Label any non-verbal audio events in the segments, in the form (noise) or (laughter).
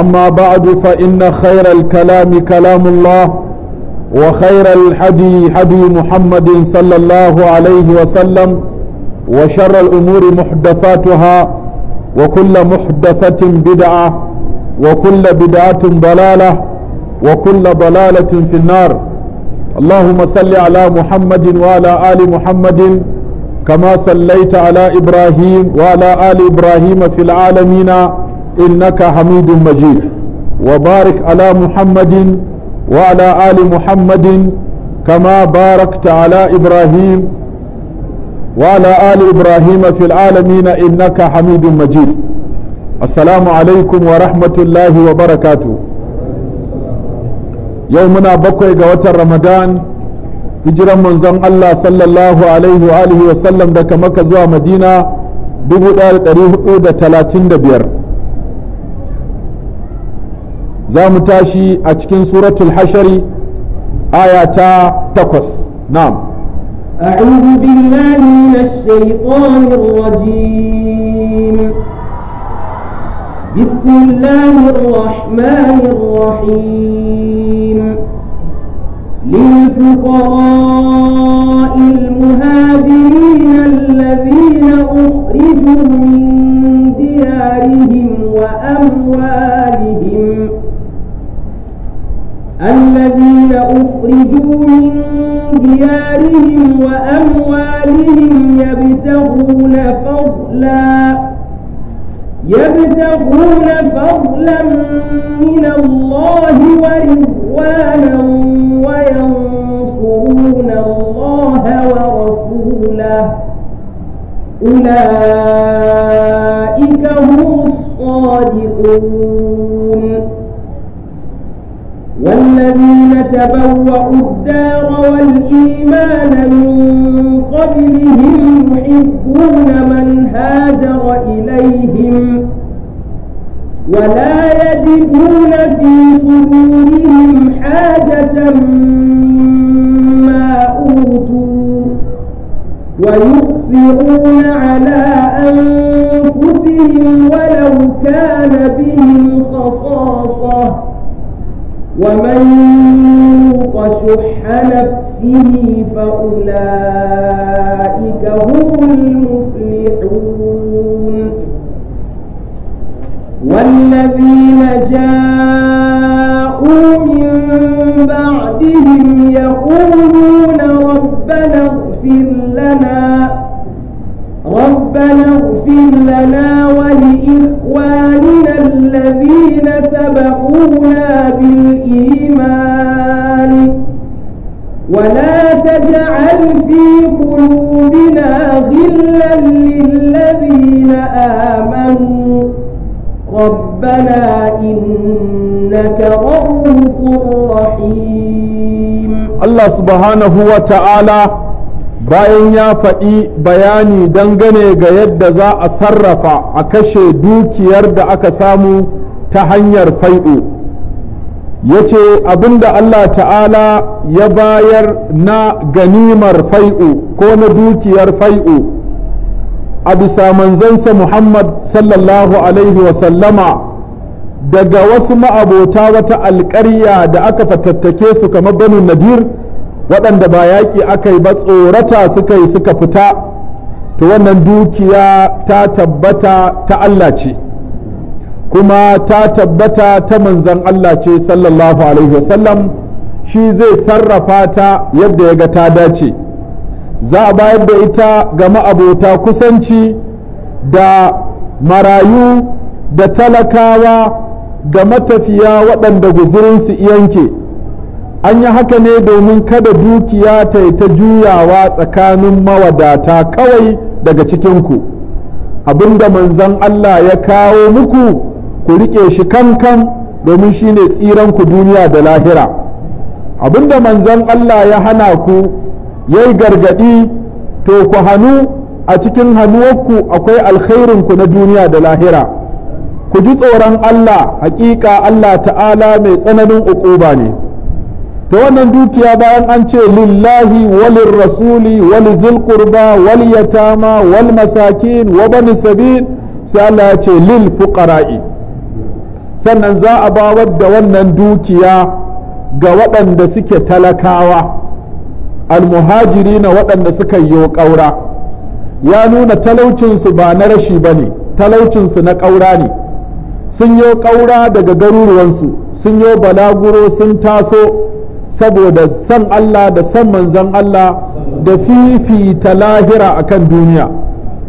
أما بعد فإن خير الكلام كلام الله وخير الحدي حدي محمد صلى الله عليه وسلم وشر الأمور محدثاتها وكل محدثة بدعة وكل بدعة ضلالة وكل ضلالة في النار اللهم صل على محمد وعلى آل محمد كما صليت على إبراهيم وعلى آل إبراهيم في العالمين إنك حميد مجيد وبارك على محمد وعلى آل محمد كما باركت على إبراهيم وعلى آل إبراهيم في العالمين إنك حميد مجيد السلام عليكم ورحمة الله وبركاته يومنا بقي قوة رمضان hijiran manzon Allah sallallahu alaihi wa alihi wa sallam daga Makka zuwa Madina 1435 za mu tashi a cikin suratul hashari aya ta takwas na'am أعوذ بالله من الشيطان الرجيم بسم الله الرحمن الرحيم للفقراء المهاجرين الذين أخرجوا من ديارهم وأموالهم الذين أخرجوا من ديارهم وأموالهم يبتغون فضلا يبتغون فضلا من الله ورضوانا وينصرون الله ورسوله أولئك هم الصادقون الذين تبوأوا الدار والإيمان من قبلهم يحبون من هاجر إليهم ولا يجدون في صدورهم حاجة مما أوتوا ويؤثرون على أنفسهم ولو كان بهم خصاصة ومن يوق شح نفسه فأولئك هم المفلحون والذين جاءوا من بعدهم يقولون ربنا اغفر لنا ربنا اغفر لنا ولإخواننا الذين سبقونا بالإيمان ولا تجعل في قلوبنا غلا للذين آمنوا ربنا إنك رؤوف رحيم الله سبحانه وتعالى bayan ya faɗi bayani dangane ga yadda za a sarrafa a kashe dukiyar da aka samu ta hanyar fai'u ya ce abinda Allah ta'ala ya bayar na ganimar fai'u ko na dukiyar fai'u a bisa manzansa Muhammad sallallahu alaihi wasallama daga wasu ma'abota wata alƙarya da aka fatattake su kamar banu nadir waɗanda ba yaƙi aka yi ba tsorata suka yi suka fita to wannan dukiya ta tabbata ta Allah ce kuma ta tabbata ta manzan Allah ce sallallahu alaihi wasallam shi zai sarrafa ta yadda ya ga ta dace za a bayar da ita ga ma'abota kusanci da marayu da talakawa da matafiya waɗanda guzurinsu yanke an yi haka ne domin kada dukiya ta yi ta juyawa tsakanin mawadata kawai daga cikinku abinda manzon Allah ya kawo muku ku riƙe shi kankan domin shi ne tsiranku duniya da lahira abinda manzon Allah ya hana ku ya yi gargaɗi to ku hannu a cikin hannuwarku akwai alkhairinku na duniya da lahira ku ji tsoron Allah hakika Allah ta'ala mai tsananin uku ne. to wannan dukiya bayan an ce lillahi walin rasuli wal zilkurba wal yatama wal masakin wa bani sabin sai Allah ya ce lil fuqara'i sannan za a bawar da wannan dukiya ga waɗanda suke talakawa almuhajiri na waɗanda suka yi ƙaura ya nuna talaucinsu ba na rashi ba ne talaucinsu na ƙaura ne sun yi ƙaura daga garuruwansu sun yi balaguro sun taso saboda san Allah da san manzan Allah da fifita lahira kan duniya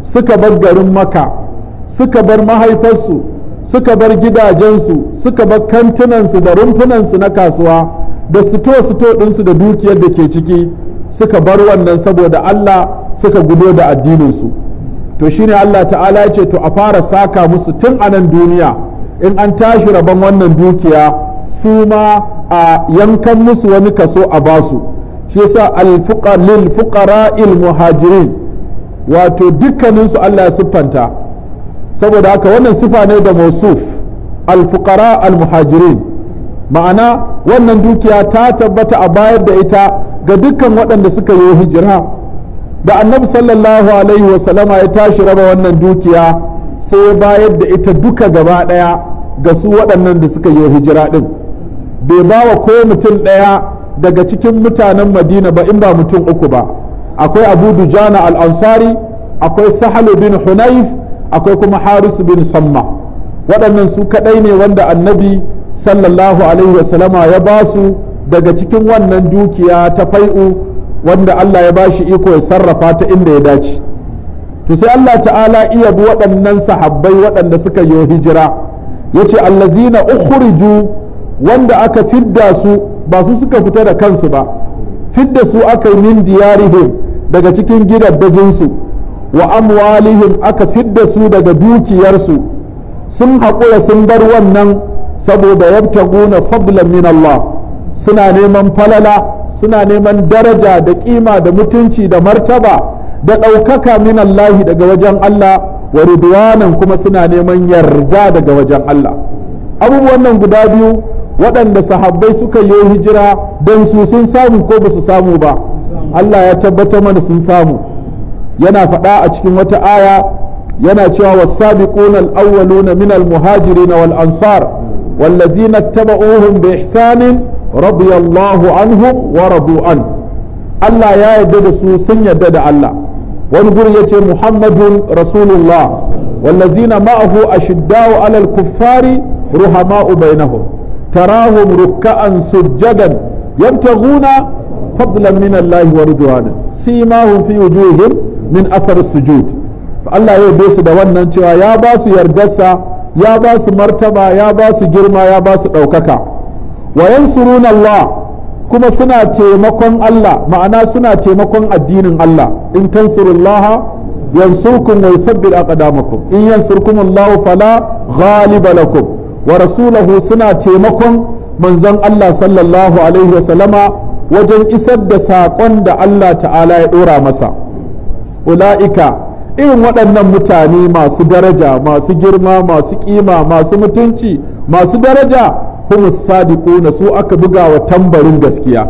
suka bar garin maka suka bar mahaifarsu suka bar gidajensu suka bar kantinansu da rumfunansu na kasuwa da sito-sito ɗinsu da dukiyar da ke ciki suka bar wannan saboda Allah suka gudo da addininsu to shine Allah ta'ala ce to a fara saka musu tun anan duniya in an tashi rabon wannan dukiya su ma a yankan musu wani kaso a basu shi yasa lil fuqara'il muhajirin wato dukkaninsu Allah ya siffanta saboda haka wannan sifa ne da mausuf al fuqara al muhajirin ma'ana wannan dukiya ta tabbata a bayar da ita ga dukkan waɗanda suka yi hijira da annabi sallallahu alaihi ya tashi raba wannan dukiya sai ya bayar da ita duka gaba ɗaya ga su waɗannan da suka yi hijira ɗin bai ba wa ko mutum ɗaya daga cikin mutanen madina ba in ba mutum uku ba akwai abu dujana al-ansari akwai sahalu bin hunayf akwai kuma harisu bin samma waɗannan su kaɗai ne wanda annabi sallallahu alaihi wasallama ya ba su daga cikin wannan dukiya ta fai'u wanda Allah ya bashi iko ya sarrafa ta inda ya dace to sai Allah ta'ala iya bi waɗannan sahabbai waɗanda suka yi hijira yace allazina ukhriju wanda aka fidda su ba su suka fita da kansu ba fidda su aka yi min diyarihim daga cikin gidan gidaddajinsu wa amwalihim aka fidda su daga dukiyarsu sun haƙura sun bar wannan saboda yabtaguna fadlan min Allah suna neman falala suna neman daraja da kima da mutunci da martaba da ɗaukaka min Allah daga wajen Allah wa ridwanan kuma suna neman yarda daga wajen Allah abubuwan nan guda biyu waɗanda sahabbai suka yi hijira don su sun samu ko ba su samu ba Allah ya tabbatar mana sun samu yana faɗa a cikin wata aya yana cewa wasabiquna al-awwaluna min al-muhajirin wal ansar wallazina tabauhum bi ihsanin radiyallahu anhum wa radu an Allah ya yarda da su sun yarda da Allah wani guri yace muhammadun rasulullah wallazina ma'ahu ashiddau alal kuffari ruhama'u bainahum tarahum ruk'an sujjadan yabtaghuna fadlan min Allah wa ridwana simahum fi wujuhihim min athar sujud Allah ya su da wannan cewa ya ba su yardarsa ya ba su martaba ya ba su girma ya ba su ɗaukaka wa yansuruna Allah kuma suna taimakon Allah ma'ana suna taimakon addinin Allah in mai yansurkum wa yuthabbit aqdamakum in yansurkum Allah fala ghaliba lakum wa rasulahu suna taimakon manzon Allah sallallahu alaihi wasallama wajen isar da saƙon da Allah ta'ala ya ɗora masa ula'ika irin waɗannan mutane masu daraja masu girma masu ƙima masu mutunci masu daraja humus na su aka buga wa tambarin gaskiya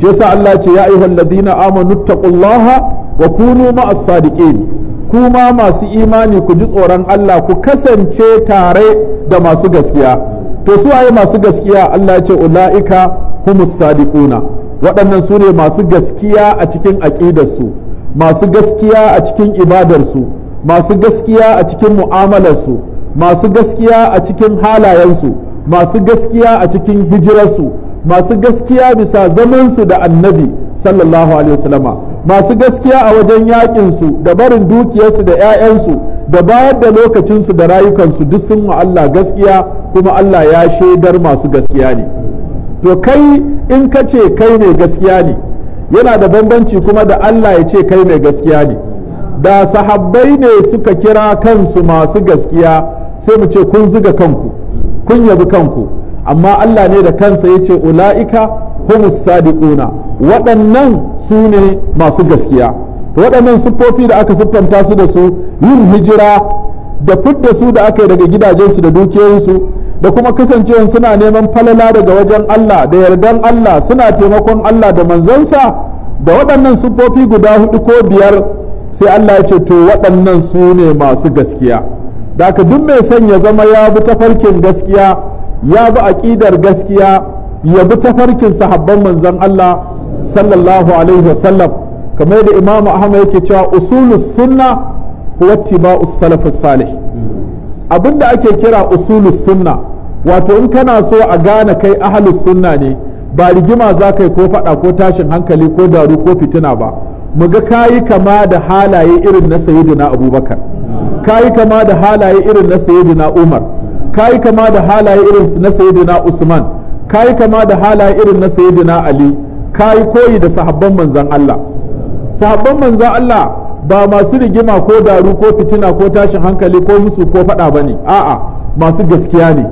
shi yasa Allah ce ya ayyuhal ladina amanu taqullaha wa kunu ma'as sadiqin kuma masu imani ku ji tsoron Allah ku kasance tare da masu gaskiya to su waye masu gaskiya Allah ya ce ula'ika humus sadiquna waɗannan su ne masu gaskiya a cikin aƙidarsu masu gaskiya a cikin ibadarsu masu gaskiya a cikin mu'amalarsu masu gaskiya a cikin halayensu masu gaskiya a cikin hijirarsu masu gaskiya bisa zamansu da annabi sallallahu alaihi wasallama masu gaskiya a wajen yaƙinsu da barin dukiyarsu da 'ya'yansu da bayar da lokacinsu da rayukansu duk sun wa Allah gaskiya kuma Allah ya shaidar masu gaskiya ne to kai in ka ce kai ne gaskiya ne yana da bambanci kuma da Allah ya ce kai ne gaskiya ne da sahabbai ne suka kira kansu masu gaskiya sai mu ce kun ziga kanku kun yabi kanku amma Allah ne da kansa ya ce ula'ika humus sadiquna waɗannan su ne masu gaskiya waɗannan siffofi da aka siffanta su da su yin hijira da fidda su da aka yi daga gidajensu da dukiyoyinsu da kuma kasancewar suna neman falala daga wajen Allah da yardan Allah suna taimakon Allah da manzansa da waɗannan siffofi guda hudu ko biyar sai Allah ya ce to waɗannan su ne masu gaskiya da duk mai son ya zama ya bi tafarkin gaskiya ya bi aƙidar gaskiya yabi bi tafarkin sahabban manzon Allah sallallahu alaihi wasallam kamar da imamu ahmad yake cewa usulus sunna huwa ittiba'us salafus salih abinda ake kira usulus sunna wato in kana so a gane kai ahlus sunna ne ba rigima za kai ko fada ko tashin hankali ko daru ko fitina ba mu ga kayi kama da halaye irin na sayyidina abubakar kayi kama da halaye irin na sayyidina umar kayi kama da halaye irin na sayyidina usman kayi kama da halaye irin na sayyidina ali kayi koyi da sahabban manzan Allah sahabban manzan Allah ba masu rigima ko daru ko fitina ko tashin hankali ko musu ko fada bane a'a masu gaskiya ne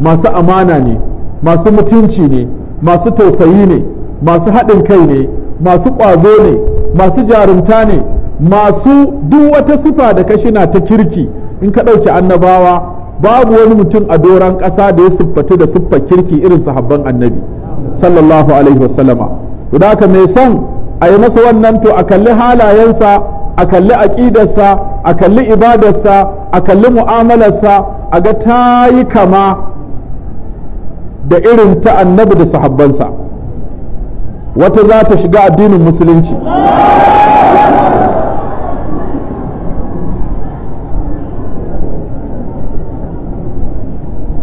masu amana ne masu mutunci ne masu tausayi ne masu haɗin kai ne masu ƙwazo ne masu jarumta ne masu duk wata sifa da kashi na ta kirki in ka ɗauki annabawa babu wani mutum a doron ƙasa da ya siffatu da siffar kirki irin sahabban annabi sallallahu alaihi wasallama to da haka mai son a yi masa wannan to a kalli halayensa a kalli aƙidarsa a kalli ibadarsa a kalli mu'amalarsa a ga ta yi kama da irin ta annabi da sahabbansa wata za ta shiga addinin musulunci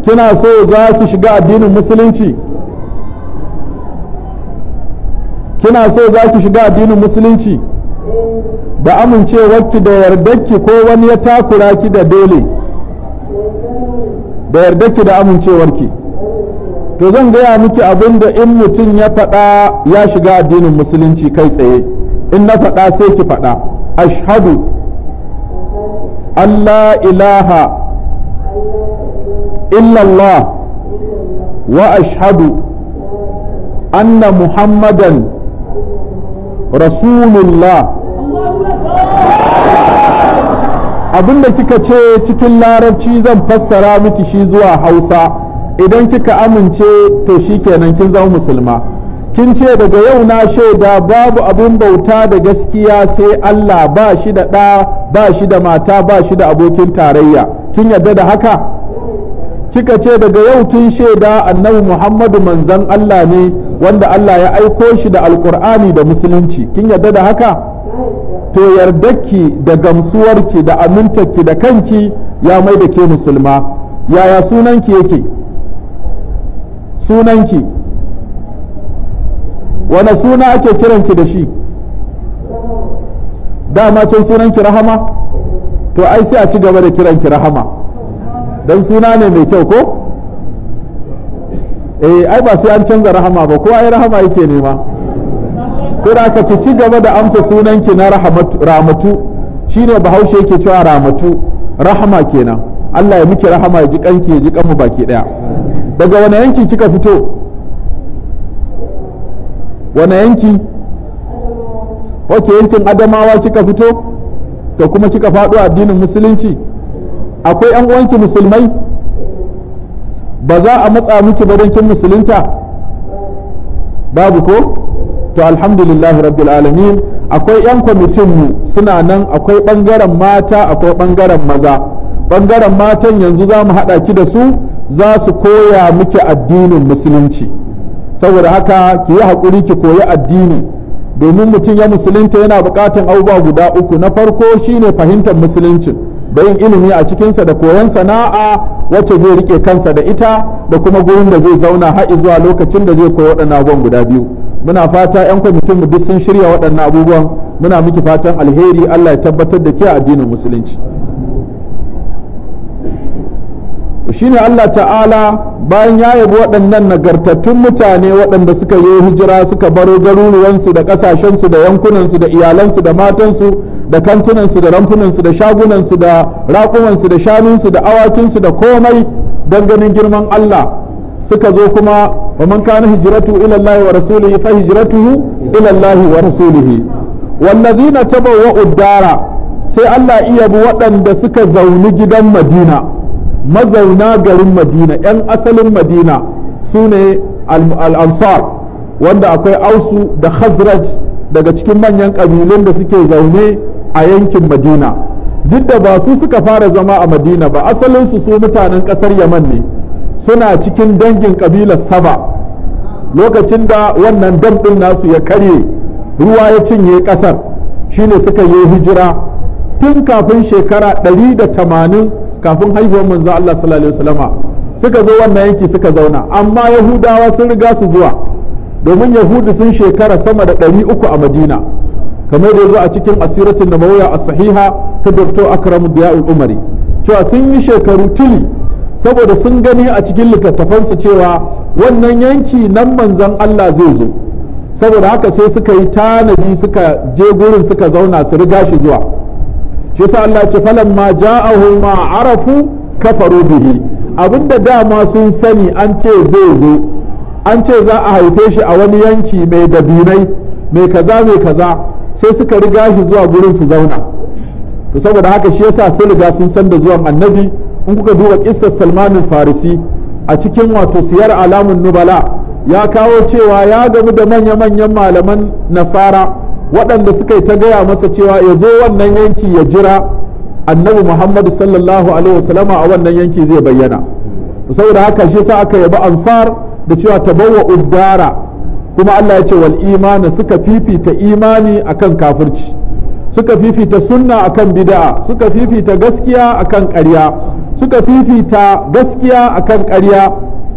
kina so za ki shiga addinin musulunci kina so za ki shiga addinin musulunci da amincewarki da yardarki ko wani ya takura ki da dole da ki da amincewar ki? to zan gaya miki abin da in mutum ya faɗa ya shiga addinin musulunci kai tsaye in na faɗa sai ki faɗa ashhadu Allah ilaha إلا الله وأشهد أن محمدا رسول الله abin da kika ce cikin larabci zan fassara miki shi zuwa hausa idan kika amince to shi kenan kin zama musulma kin ce daga yau na shaida babu abin bauta da gaskiya sai allah ba shi da ɗa ba shi da mata ba shi da abokin tarayya kin yarda da haka kika ce daga yau kin shaida annabi Muhammadu manzan Allah ne wanda Allah ya aiko shi da alkur'ani da musulunci kin yarda da haka to yardarki da gamsuwarki da amintarki da kanki ya mai da ke musulma yaya sunanki yake sunanki wane suna ake kiranki da shi dama can sunanki rahama to ai sai a ci gaba da kiranki rahama don suna ne mai kyau ko eh ai ba sai an canza rahama ba ko ai rahama yake nema sai da aka ki ci gaba da amsa sunanki na ramatu shine bahaushe yake cewa ramatu rahama kenan Allah ya miki rahama ya ji kanki ya ji kanmu baki daya daga wani yanki kika fito wani yanki ok yankin adamawa kika fito da kuma kika faɗo addinin musulunci akwai yan uwanki musulmai ba za a matsa miki ba don kin musulunta babu ko to alhamdulillah rabbil alamin akwai yan kwamitin mu suna nan akwai bangaren mata akwai bangaren maza bangaren matan yanzu za mu haɗa ki da su za su koya miki addinin musulunci saboda haka ki yi haƙuri ki koyi addini domin mutum ya musulunta yana buƙatan abubuwa guda uku na farko shine fahimtar musuluncin bayin ilimi a cikinsa da koyon sana'a wacce zai rike kansa da ita da kuma gurin da zai zauna har zuwa lokacin da zai koyi waɗannan abubuwan guda biyu muna fata 'yan kwamitin mu duk sun shirya waɗannan abubuwan muna miki fatan alheri Allah ya tabbatar da ke addinin musulunci shine Allah ta'ala bayan ya yabi waɗannan nagartattun mutane waɗanda suka yi hijira suka baro garuruwansu da ƙasashensu da yankunansu da iyalansu da matansu da kantunansu da ramfunansu da shagunansu da raƙumansu da shanunsu da awakinsu da komai don ganin girman Allah suka zo kuma wa man kana hijratu ila wa rasulihi fa hijratuhu ila Allah wa rasulihi wallazina tabawwa'u sai Allah iya bi waɗanda suka zauni gidan Madina mazauna garin madina 'yan asalin madina su ne al'ansar wanda akwai ausu da khazraj daga cikin manyan ƙabilun da suke zaune a yankin madina duk da ba su suka fara zama a madina ba asalinsu su mutanen ƙasar yaman ne suna cikin dangin ƙabilar saba lokacin da wannan dam nasu ya karye ruwa ya cinye ƙasar shine suka yi hijira tun kafin shekara 180 kafin haihuwar manzo Allah sallallahu alaihi suka zo wannan yanki suka zauna amma yahudawa sun riga su zuwa domin yahudu sun shekara sama da 300 a madina kamar da zo a cikin asiratin mawuya a sahiha ta dr akram diya'ul umari cewa sun yi shekaru tili saboda sun gani a cikin littattafansu cewa wannan yanki nan manzon Allah zai zo saboda haka sai suka yi tanadi suka je gurin suka zauna su riga shi zuwa shi yasa Allah ce falan ma ja'ahu ma arafu kafaru bihi abinda dama sun sani an ce zai zo an ce za a haife shi a wani yanki mai dabinai mai kaza mai kaza sai suka riga shi zuwa gurin su zauna to saboda haka shi yasa sun riga sun san da zuwan annabi in kuka duba kissar salmanin farisi a cikin wato siyar alamun nubala ya kawo cewa ya gamu da manya-manyan malaman nasara waɗanda suka yi ta gaya masa cewa ya zo wannan yanki ya jira annabi muhammadu sallallahu alaihi wasallama a wannan yanki zai bayyana saboda haka shi sa aka yabi ansar da cewa tabawa uddara kuma allah ya ce wal imani suka fifita imani akan kafirci suka fifita sunna akan bid'a suka fifita gaskiya akan ƙarya suka fifita gaskiya akan ƙarya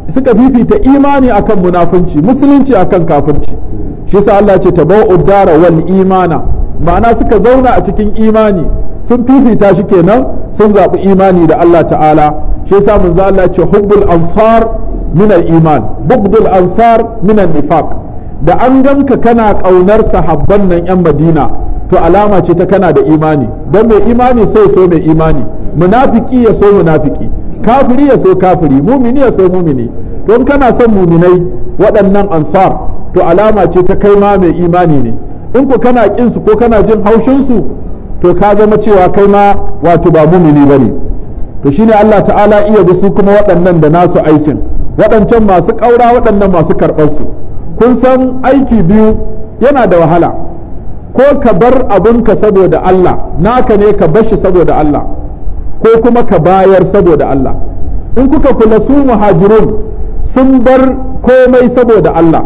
suka fifita imani akan munafunci musulunci akan kafirci shi sa Allah ce ta dara wal imana ma'ana suka zauna a cikin imani sun fifita shi kenan sun zaɓi imani da Allah ta'ala shi yasa manzo Allah ce hubbul ansar min al iman bughdul ansar min al nifaq da an ganka kana kaunar sahabban nan yan Madina to alama ce ta kana da imani don mai imani sai so mai imani munafiki ya so munafiki kafiri ya so kafiri mumini ya so mumini don kana son muminai waɗannan ansar to alama ce ta kai ma mai imani ne in ku kana kin su ko kana jin haushin su to ka zama cewa kai ma wato ba mumini bane to shine Allah ta'ala iya bi su kuma waɗannan da nasu aikin waɗancan masu ƙaura waɗannan masu karɓar su kun san aiki biyu yana da wahala ko ka bar abinka saboda Allah naka ne ka bar shi saboda Allah ko kuma ka bayar saboda Allah in kuka kula su muhajirun sun bar komai saboda Allah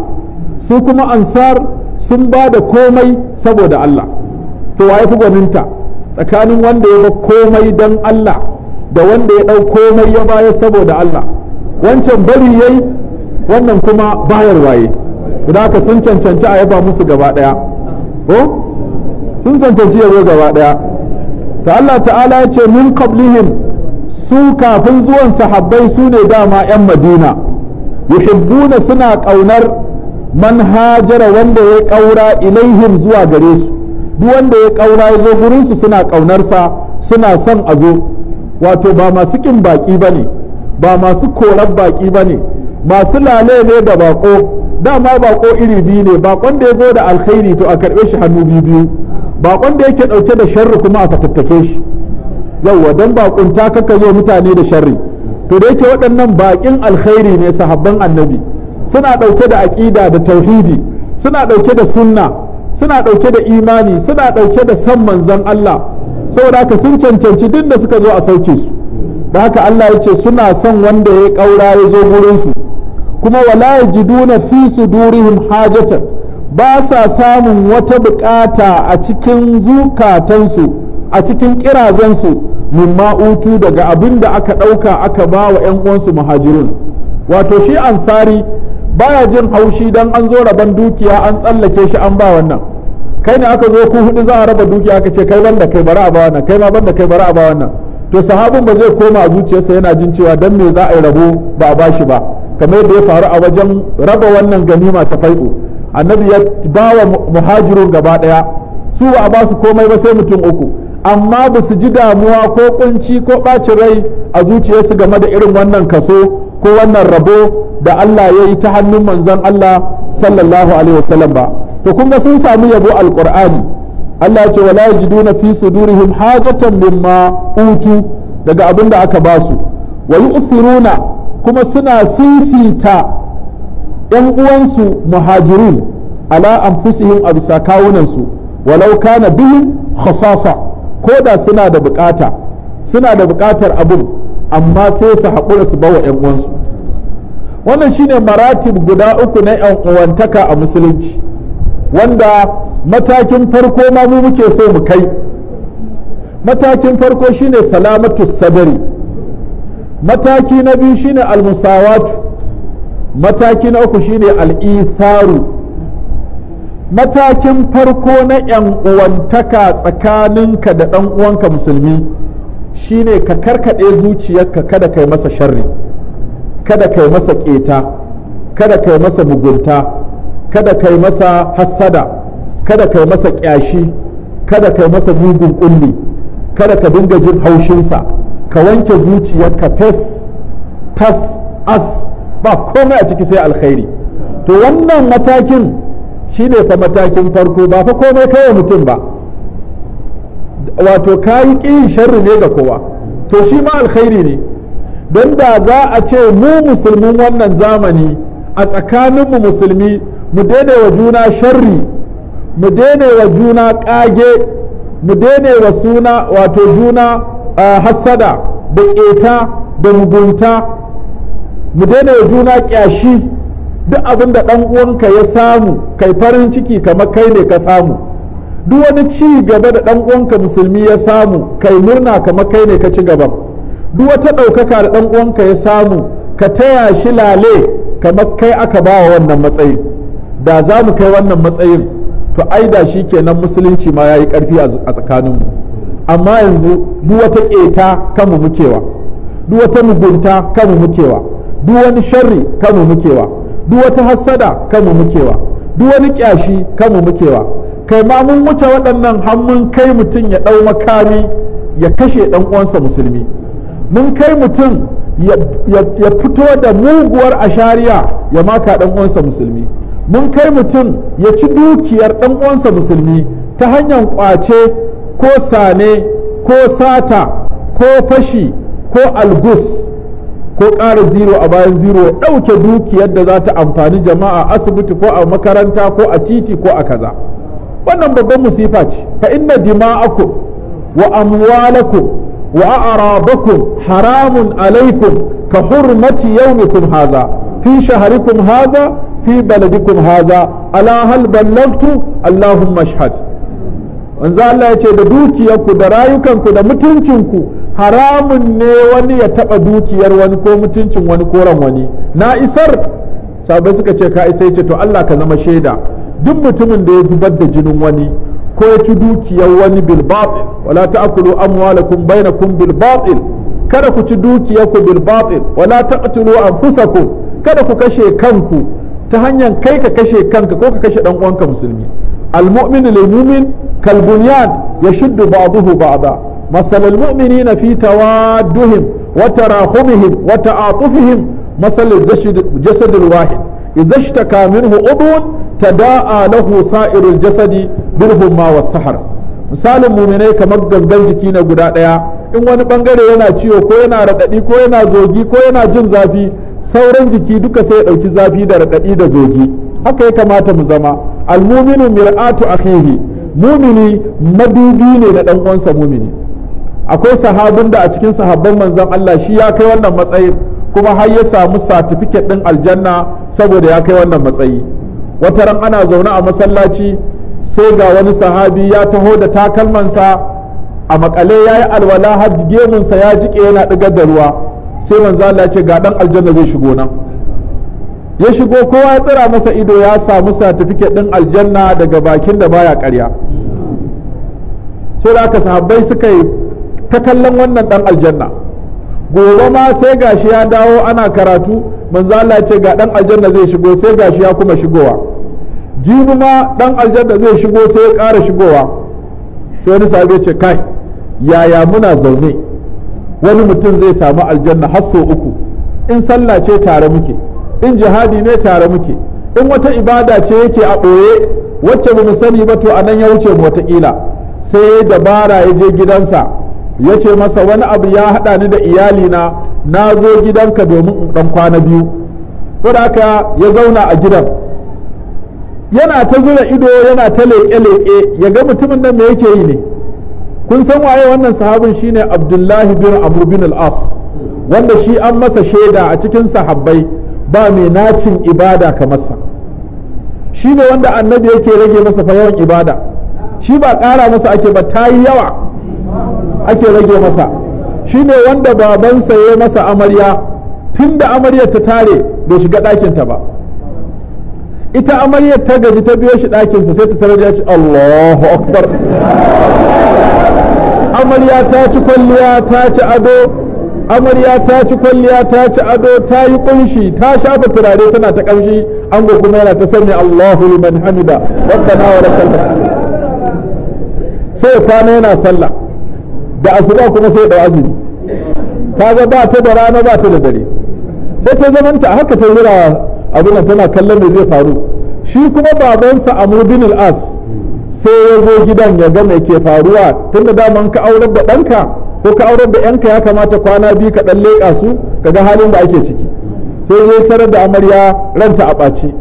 su kuma ansar sun ba da komai saboda Allah to waye fi gwaninta tsakanin wanda ya ba komai don Allah da wanda ya ɗau komai ya baya saboda Allah wancan bari yayi wannan kuma bayar waye da haka sun cancanci a yaba musu gaba ɗaya ko sun cancanci yabo gaba ɗaya ta Allah ta'ala ya ce min qablihim su kafin zuwan sahabbai su ne dama 'yan madina yuhibbuna suna ƙaunar man hajara wanda ya ƙaura ilaihim zuwa gare su duk wanda ya ƙaura ya zo gurin su suna ƙaunarsa suna son a zo wato ba masu kin baki bane ba masu korar baki ba ne masu lale ne da bako dama bako iri biyu ne bakon da ya zo da alkhairi to a karbe shi hannu biyu biyu bakon da yake dauke da sharri kuma a fatattake shi yauwa don ta kaka zo mutane da sharri to da yake waɗannan baƙin alkhairi ne sahabban annabi suna ɗauke da aƙida da tauhidi suna ɗauke da sunna suna ɗauke da imani suna ɗauke da san manzon Allah saboda haka sun cancanci duk da suka zo a sauke su da haka Allah ya ce suna son wanda ya ƙaura ya zo su kuma wala yajiduna fi sudurihim hajatan ba sa samun wata bukata a cikin zukatansu a cikin kirazansu mimma utu daga abin da aka ɗauka aka ba wa 'yan uwansu muhajirun wato shi ansari baya jin haushi dan an zo raban dukiya an tsallake shi an ba wannan kai ne aka zo ku hudu za a raba dukiya aka ce kai banda kai bara a ba wannan kai ma banda kai bara a ba wannan to sahabin ba zai koma a zuciyarsa yana jin cewa dan me za a yi rabo ba a bashi ba kamar yadda ya faru a wajen raba wannan ganima ta faiɗo annabi ya ba wa muhajirun gaba ɗaya su ba a ba su komai ba sai mutum uku amma ba su ji damuwa ko kunci ko ɓacin rai a zuciyarsu game da irin wannan kaso ko wannan rabo da Allah ya yi ta hannun manzon Allah sallallahu alaihi wasallam ba to kun ga sun samu yabo alqur'ani Allah ce wala yajiduna fi sudurihim hajatan mimma utu daga abin da aka basu wa yu'thiruna kuma suna fifita yan uwansu muhajirun ala anfusihim a bisa kawunansu walau kana bihim khasasa ko da suna da bukata suna da bukatar abin amma sai su haƙura su bawa wa uwansu wannan shine maratib guda uku na yan uwantaka a musulunci wanda matakin farko ma mu muke so mu kai matakin farko shine salamatu sadari mataki na biyu shine almusawatu mataki na uku shine al'itharu matakin farko na 'yan uwantaka tsakaninka da ɗan uwanka musulmi shine ka karkaɗe zuciyarka kada kai masa sharri kada kai masa ƙeta kada kai masa mugunta kada kai masa hassada kada kai masa ƙyashi kada kai masa mugun ƙulli kada ka dinga jin haushinsa ka wanke zuciyarka fes tas as ba komai a ciki sai alkhairi to wannan matakin Shi ne fa matakin farko ba fa komai kawai mutum ba wato ka yi ƙin sharri ne ga kowa to shi ma alkhairi ne don da za a ce mu musulmin wannan zamani a tsakaninmu musulmi mu daina wa juna sharri mu daina wa juna ƙage mu daina wa suna wato juna hassada da ƙeta da mugunta mu daina wa juna ƙyashi duk abin da ɗan uwanka ya samu kai farin ciki kamar kai ne ka samu duk wani ci gaba da ɗan uwanka musulmi ya samu kai murna kamar kai ne ka ci gaba duk wata ɗaukaka da ɗan uwanka ya samu ka taya shi lale kamar kai aka ba wa wannan matsayin da za mu kai wannan matsayin to ai da shi kenan musulunci ma ya yi ƙarfi a tsakaninmu amma yanzu duk wata ƙeta kanmu mukewa duk wata mugunta kanmu mukewa duk wani sharri kanmu mukewa duk wata hassada mu mukewa duk wani kyashi mu mukewa kai ma mun wuce waɗannan hannun kai mutum ya ɗau makami ya kashe ɗan uwansa musulmi mun kai mutum ya fito da muguwar ashariya ya maka ɗan uwansa musulmi mun kai mutum ya ci dukiyar ɗan uwansa musulmi ta hanyar kwace ko sane ko sata ko fashi ko algus ko ƙara zero a bayan zero ɗauke dukiyar da za ta amfani jama'a asibiti ko a makaranta ko a titi ko a kaza wannan babban musifa ce fa inna dima'akum wa amwalakum wa a'radakum haramun alaikum ka hurmati yawmikum haza fi shaharikum haza fi baladikum haza ala hal ballagtu allahumma shahad manzo Allah ya ce da dukiyarku da rayukanku da mutuncinku haramun ne wani ya taɓa dukiyar wani ko mutuncin wani koran wani na isar sabai suka ce ka isa ce to Allah ka zama shaida duk mutumin da ya zubar da jinin wani ko ya ci dukiyar wani bil batil wala ta'kulu amwalakum bainakum bil batil kada ku ci dukiyarku bil batil wala taqtulu anfusakum kada ku kashe kanku ta hanyar kai ka kashe kanka ko ka kashe dan uwanka musulmi al mu'minu lil mu'min kal bunyan yashuddu ba'dahu ba'da مثل المؤمنين في توادهم wata وتعاطفهم مثل الجسد الواحد إذا kamin منه ta تداعى له سائر الجسد بالهمة والسحر misalin muminai kamar gangan jiki na guda ɗaya in wani ɓangare yana ciwo ko yana raɗaɗi ko yana zogi ko yana jin zafi sauran jiki duka sai ya ɗauki zafi da raɗaɗi da zogi haka ya kamata mu zama almuminu mir'atu akhihi mumini madibi ne na ɗan uwansa mumini akwai sahabin da a cikin sahabban manzon Allah shi ya kai wannan matsayi kuma har ya samu satifiket din aljanna saboda ya kai wannan matsayi wata ran ana zaune a masallaci sai ga wani sahabi ya taho da takalmansa a makale ya yi alwala har gemunsa ya jike yana digar da ruwa sai manzan Allah ya ce ga dan aljanna zai shigo nan ya shigo kowa ya tsira masa ido ya samu satifiket din aljanna daga bakin da baya karya so da aka sahabbai suka yi ta kallon wannan dan aljanna gobe ma sai gashi ya dawo ana karatu manzo Allah ce ga dan aljanna zai shigo sai gashi ya kuma shigowa jibi ma dan aljanna zai shigo sai ya ƙara shigowa sai wani sahabi ce kai yaya muna zaune wani mutum zai samu aljanna har so uku in sallah ce tare muke in jihadi ne tare muke in wata ibada ce yake a ɓoye wacce ba mu sani ba to a nan ya wuce mu watakila sai ya dabara ya je gidansa ya ce masa wani abu ya haɗa ni da iyalina na zo gidanka domin in ɗan kwana biyu da haka ya zauna a gidan yana ta zura ido yana ta leƙe-leƙe ya ga mutumin nan me yake yi ne kun san waye wannan sahabin shine abdullahi bin abu bin al'as wanda shi an masa shaida a cikin sahabbai ba mai nacin ibada ka masa shi ne wanda annabi yake rage masa fa yawan ibada shi ba ƙara masa ake ba ta yi yawa ake rage masa shi ne wanda babansa ya masa amarya tun da amaryar ta tare bai shiga ɗakinta ba ita amaryar ta gaji ta biyo shi ɗakinsa sai ta tare da ci Allahu Akbar amarya ta ci kwalliya ta ci ado amarya ta ci kwalliya ta ci ado ta yi kunshi ta shafa turare tana ta kamshi an kuma yana ta sanya Allahu liman hamida rabbana wa sai kwana yana sallah da asuba kuma sai da azumi kaga ba ta da rana ba ta da dare sai ta zamanta haka ta wura abin tana kallon da zai faru shi kuma babansa a bin al-as sai ya zo gidan ya ga me ke faruwa tunda daman ka aurar da danka ko ka aurar da yanka ya kamata kwana biyu ka ɗan leƙa su kaga halin da ake ciki sai ya tarar da amarya ranta a ɓace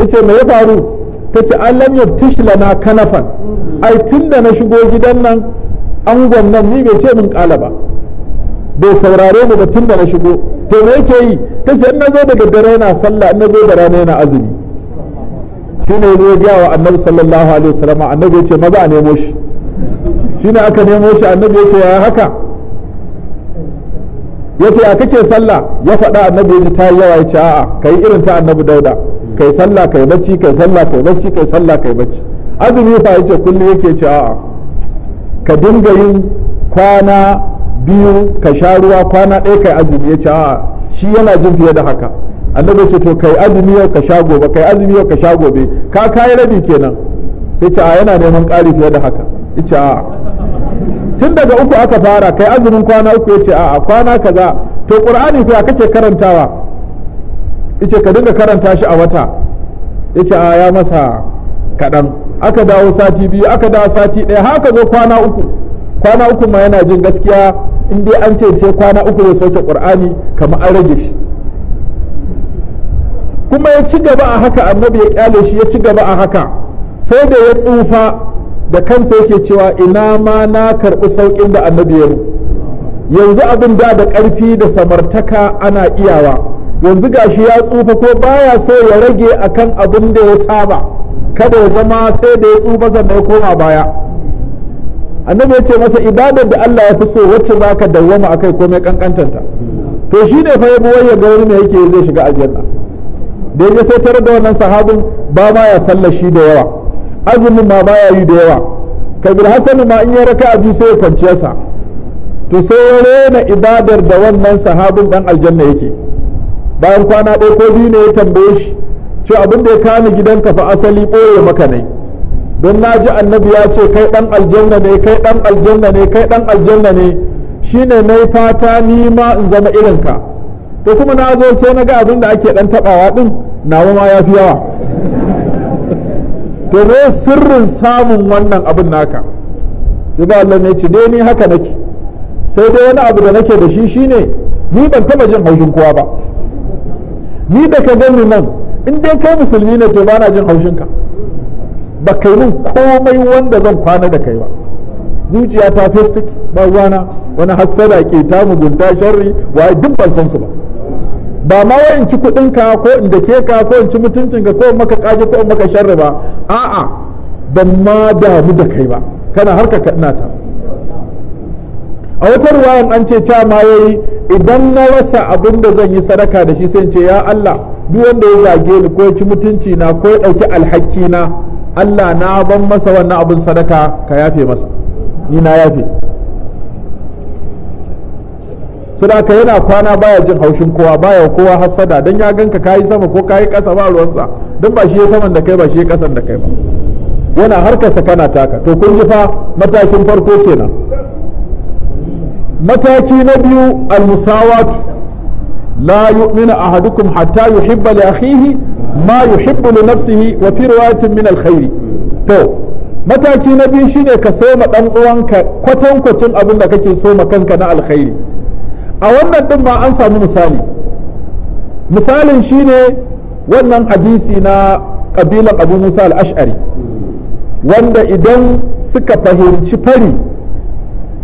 ice me ya faru ta ce an lam yabtish lana kanafan ai tunda na shigo gidan nan angon nan ni bai ce min kala ba bai saurare mu ba tun da na shigo to me yake yi kace in nazo daga dare yana sallah in nazo da rana yana azumi ne zai biya wa annabi sallallahu alaihi wasallam annabi ya ce maza a nemo shi ne aka nemo shi annabi ya ce ya haka ya ce a kake sallah ya faɗa annabi ya ji ta yawa ya ce a'a kai irin ta annabi dauda kai sallah kai bacci kai sallah kai bacci kai sallah kai bacci azumi fa ya ce kullu yake ce a'a ka dinga yin kwana biyu ka sha ruwa kwana ɗaya kai azumi ya ce a shi yana jin fiye da haka annabi ce to kai azumi yau ka sha gobe kai azumi yau ka sha gobe ka kai rabi kenan sai ce a yana neman ƙari fiye da haka yace a tun daga uku aka fara kai azumin kwana uku yace a kwana kaza to qur'ani fa kake karantawa ice ka dinga karanta shi a wata yace a ya masa kaɗan aka dawo sati biyu aka dawo sati ɗaya haka zo kwana uku kwana uku ma yana jin gaskiya in dai an ce ce kwana uku zai sauke qur'ani kamar an rage shi kuma ya ci gaba a haka annabi ya kyale shi ya ci gaba a haka sai da ya tsufa da kansa yake cewa ina ma na karɓi sauƙin da annabi ya yanzu abin da da ƙarfi da samartaka ana iyawa yanzu gashi ya tsufa ko baya so ya rage akan abin da ya saba kada ya zama sai da ya tsufa sannan ya koma baya annabi ya ce masa ibadar da Allah ya fi so wacce za zaka dawwama akai komai kankantanta to shi ne fa yabo ya ga wani ne yake zai shiga aljanna da ya sai tare da wannan sahabin ba ma ya sallar shi da yawa azumin ma baya yi da yawa kabir hasan ma in ya raka biyu sai ya kwanciya sa to sai ya rena ibadar da wannan sahabin dan aljanna yake bayan kwana ɗaya ko biyu ne ya tambaye shi ce abin da ya kani gidanka fa asali ɓoye maka ne don na ji annabi ya ce kai ɗan aljanna ne kai ɗan aljanna ne kai ɗan aljanna ne shine na yi fata ni ma in zama irinka to kuma na zo sai na ga abin da ake ɗan tabawa ɗin nawa ma ya fi yawa to sirrin samun wannan abin naka sai ba Allah ya ce dai ni haka nake sai dai wani abu da nake da shi shine ni ban taɓa jin haushin kowa ba ni da ka gani nan in dai kai musulmi ne to ba na jin haushinka ba kai min komai wanda zan kwana da kai ba zuciya ta festik ba ruwana wani hassada ke ta mugunta sharri wa duk ban san su ba ba ma wai in ci kuɗin ka ko in dake ka ko in ci mutuncin ka ko in maka kaji ko maka sharri ba a'a ban ma damu da kai ba kana harka ka ina ta a wata ruwayan an ce ca ma yayi idan na rasa abin da zan yi sadaka da shi sai in ce ya Allah duk wanda ya zage ni ko ya ci mutunci na ko ya dauki alhaki na Allah na ban masa wannan abin sadaka ka yafe masa ni na yafe ka yana kwana baya jin haushin kowa baya kowa hassada dan ya ganka kai sama ko kai kasa ba sa dan ba shi ya saman da kai ba shi ya kasan da kai ba yana harkarsa kana taka to kun ji fa matakin farko kenan mataki na biyu al-musawatu la yu'minu ahadukum hatta yuhibba li akhihi ma yuhibbu li nafsihi wa fi riwayatin min alkhairi to mataki na biyu shine ka soma dan uwanka kwatankwacin abin da kake soma kanka na alkhairi a wannan din ma an samu misali misalin shine wannan hadisi na kabilan abu musa al-ash'ari wanda idan suka fahimci fari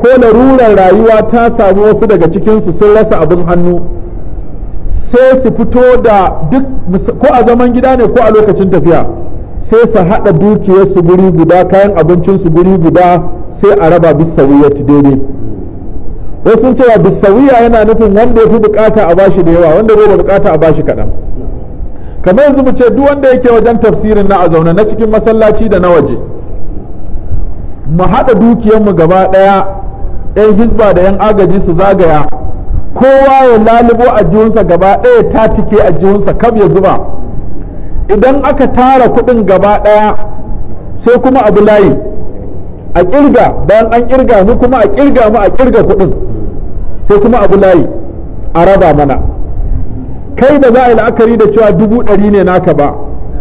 ko larurar rayuwa ta samu wasu daga cikinsu sun rasa abin hannu sai su fito da duk ko a zaman gida ne ko a lokacin tafiya sai su haɗa dukiyarsu guri guda kayan abincinsu guri guda sai a raba bisawiyati daidai wasu cewa bisawiya yana nufin wanda ya fi bukata a bashi da yawa wanda bai bukata a bashi kaɗan kamar yanzu mu ce duk wanda yake wajen tafsirin na a zaune na cikin masallaci da na waje mu haɗa dukiyarmu gaba ɗaya 'yan hisba da 'yan agaji su zagaya kowa ya lalubo a jihunsa gaba ɗaya ta tike a jihunsa kam ya zuba idan aka tara kuɗin gaba ɗaya sai kuma abu layi a ƙirga bayan an ƙirga mu kuma a ƙirga mu a ƙirga kuɗin sai kuma abu layi a raba mana kai ba za a yi la'akari da cewa dubu ɗari ne naka ba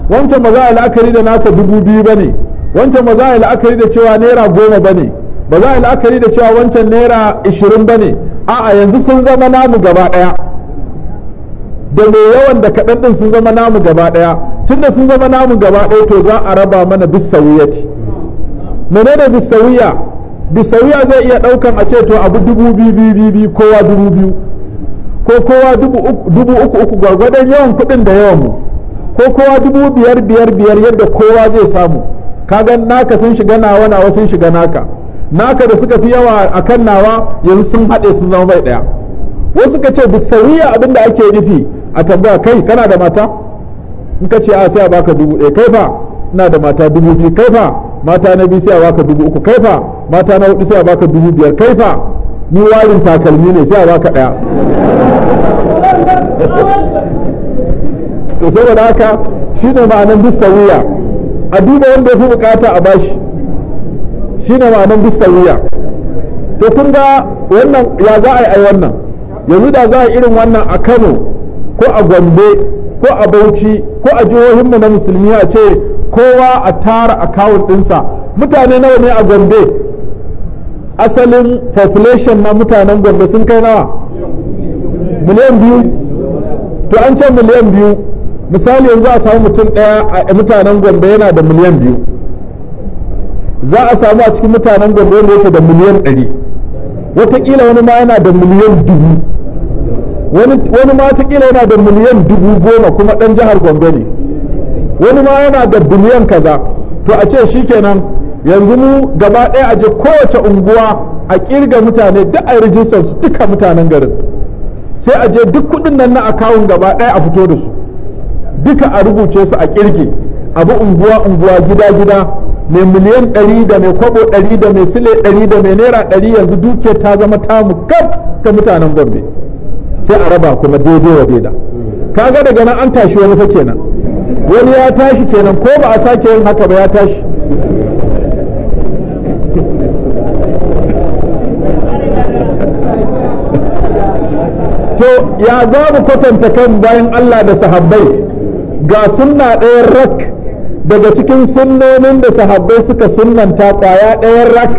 wancan ba za a yi la'akari da nasa dubu biyu ba ne wancan ba za a yi la'akari da cewa naira goma ba ne ba za a yi la'akari da cewa wancan naira ishirin ba ne a'a yanzu sun zama namu gaba daya da mai yawan da kaɗan ɗin sun zama namu gaba tun da sun zama namu gaba daya to za a raba mana bisawiyati ne bisawiya bisawiya zai iya ɗaukan a ce to abu dubu biyu biyu biyu kowa dubu biyu ko kowa dubu uku uku gwargwadon yawan kuɗin da yawan mu ko kowa dubu biyar biyar biyar yadda kowa zai samu kaga naka sun shiga nawa nawa sun shiga naka naka da suka fi yawa a kan nawa yanzu sun haɗe sun zama bai ɗaya wasu suka ce bisawiya abin da ake nufi a tambaya kai kana da mata in ka ce a sai a baka dubu ɗaya kai fa ina da mata dubu biyu kai fa mata na biyu sai a baka dubu uku kai fa mata na hudu sai a baka dubu biyar kai fa ni warin takalmi ne sai a baka ɗaya (laughs) to saboda haka shine ma'anar bisawiya a duba wanda ya fi bukata a bashi shine ma'anan bisawiya to kun ga wannan ya za a yi ai wannan yanzu da za a irin wannan a Kano ko a Gombe ko a Bauchi ko a jihohinmu na musulmi a ce kowa a tara akawun ɗinsa mutane nawa ne a Gombe asalin population na mutanen Gombe sun kai nawa miliyan biyu to an ce miliyan biyu misali yanzu a samu mutum ɗaya a mutanen Gombe yana da miliyan biyu za a samu a cikin mutanen gombe da yake da miliyan ɗari watakila wani ma yana da miliyan dubu wani ma watakila yana da miliyan dubu goma kuma ɗan jihar gombe ne wani ma yana da biliyan kaza to a ce shi kenan yanzu mu gaba ɗaya a je kowace unguwa a kirga mutane duk a rijistar su duka mutanen garin sai a je duk kuɗin nan na akawun gaba ɗaya a fito da su duka a rubuce su a kirge abu unguwa unguwa gida gida mai miliyan ɗari da mai kwabo ɗari da mai sile ɗari da mai naira ɗari yanzu dukiyar ta zama tamu kaf ta mutanen gombe sai a raba kuma daidai wa daida kaga daga nan an tashi wani fa kenan wani ya tashi kenan ko ba a sake yin haka ba ya tashi to ya za mu kwatanta kan bayan Allah da sahabbai ga sunna ɗaya rak daga cikin sunnonin da sahabbai suka sunnanta kwaya ɗayan rak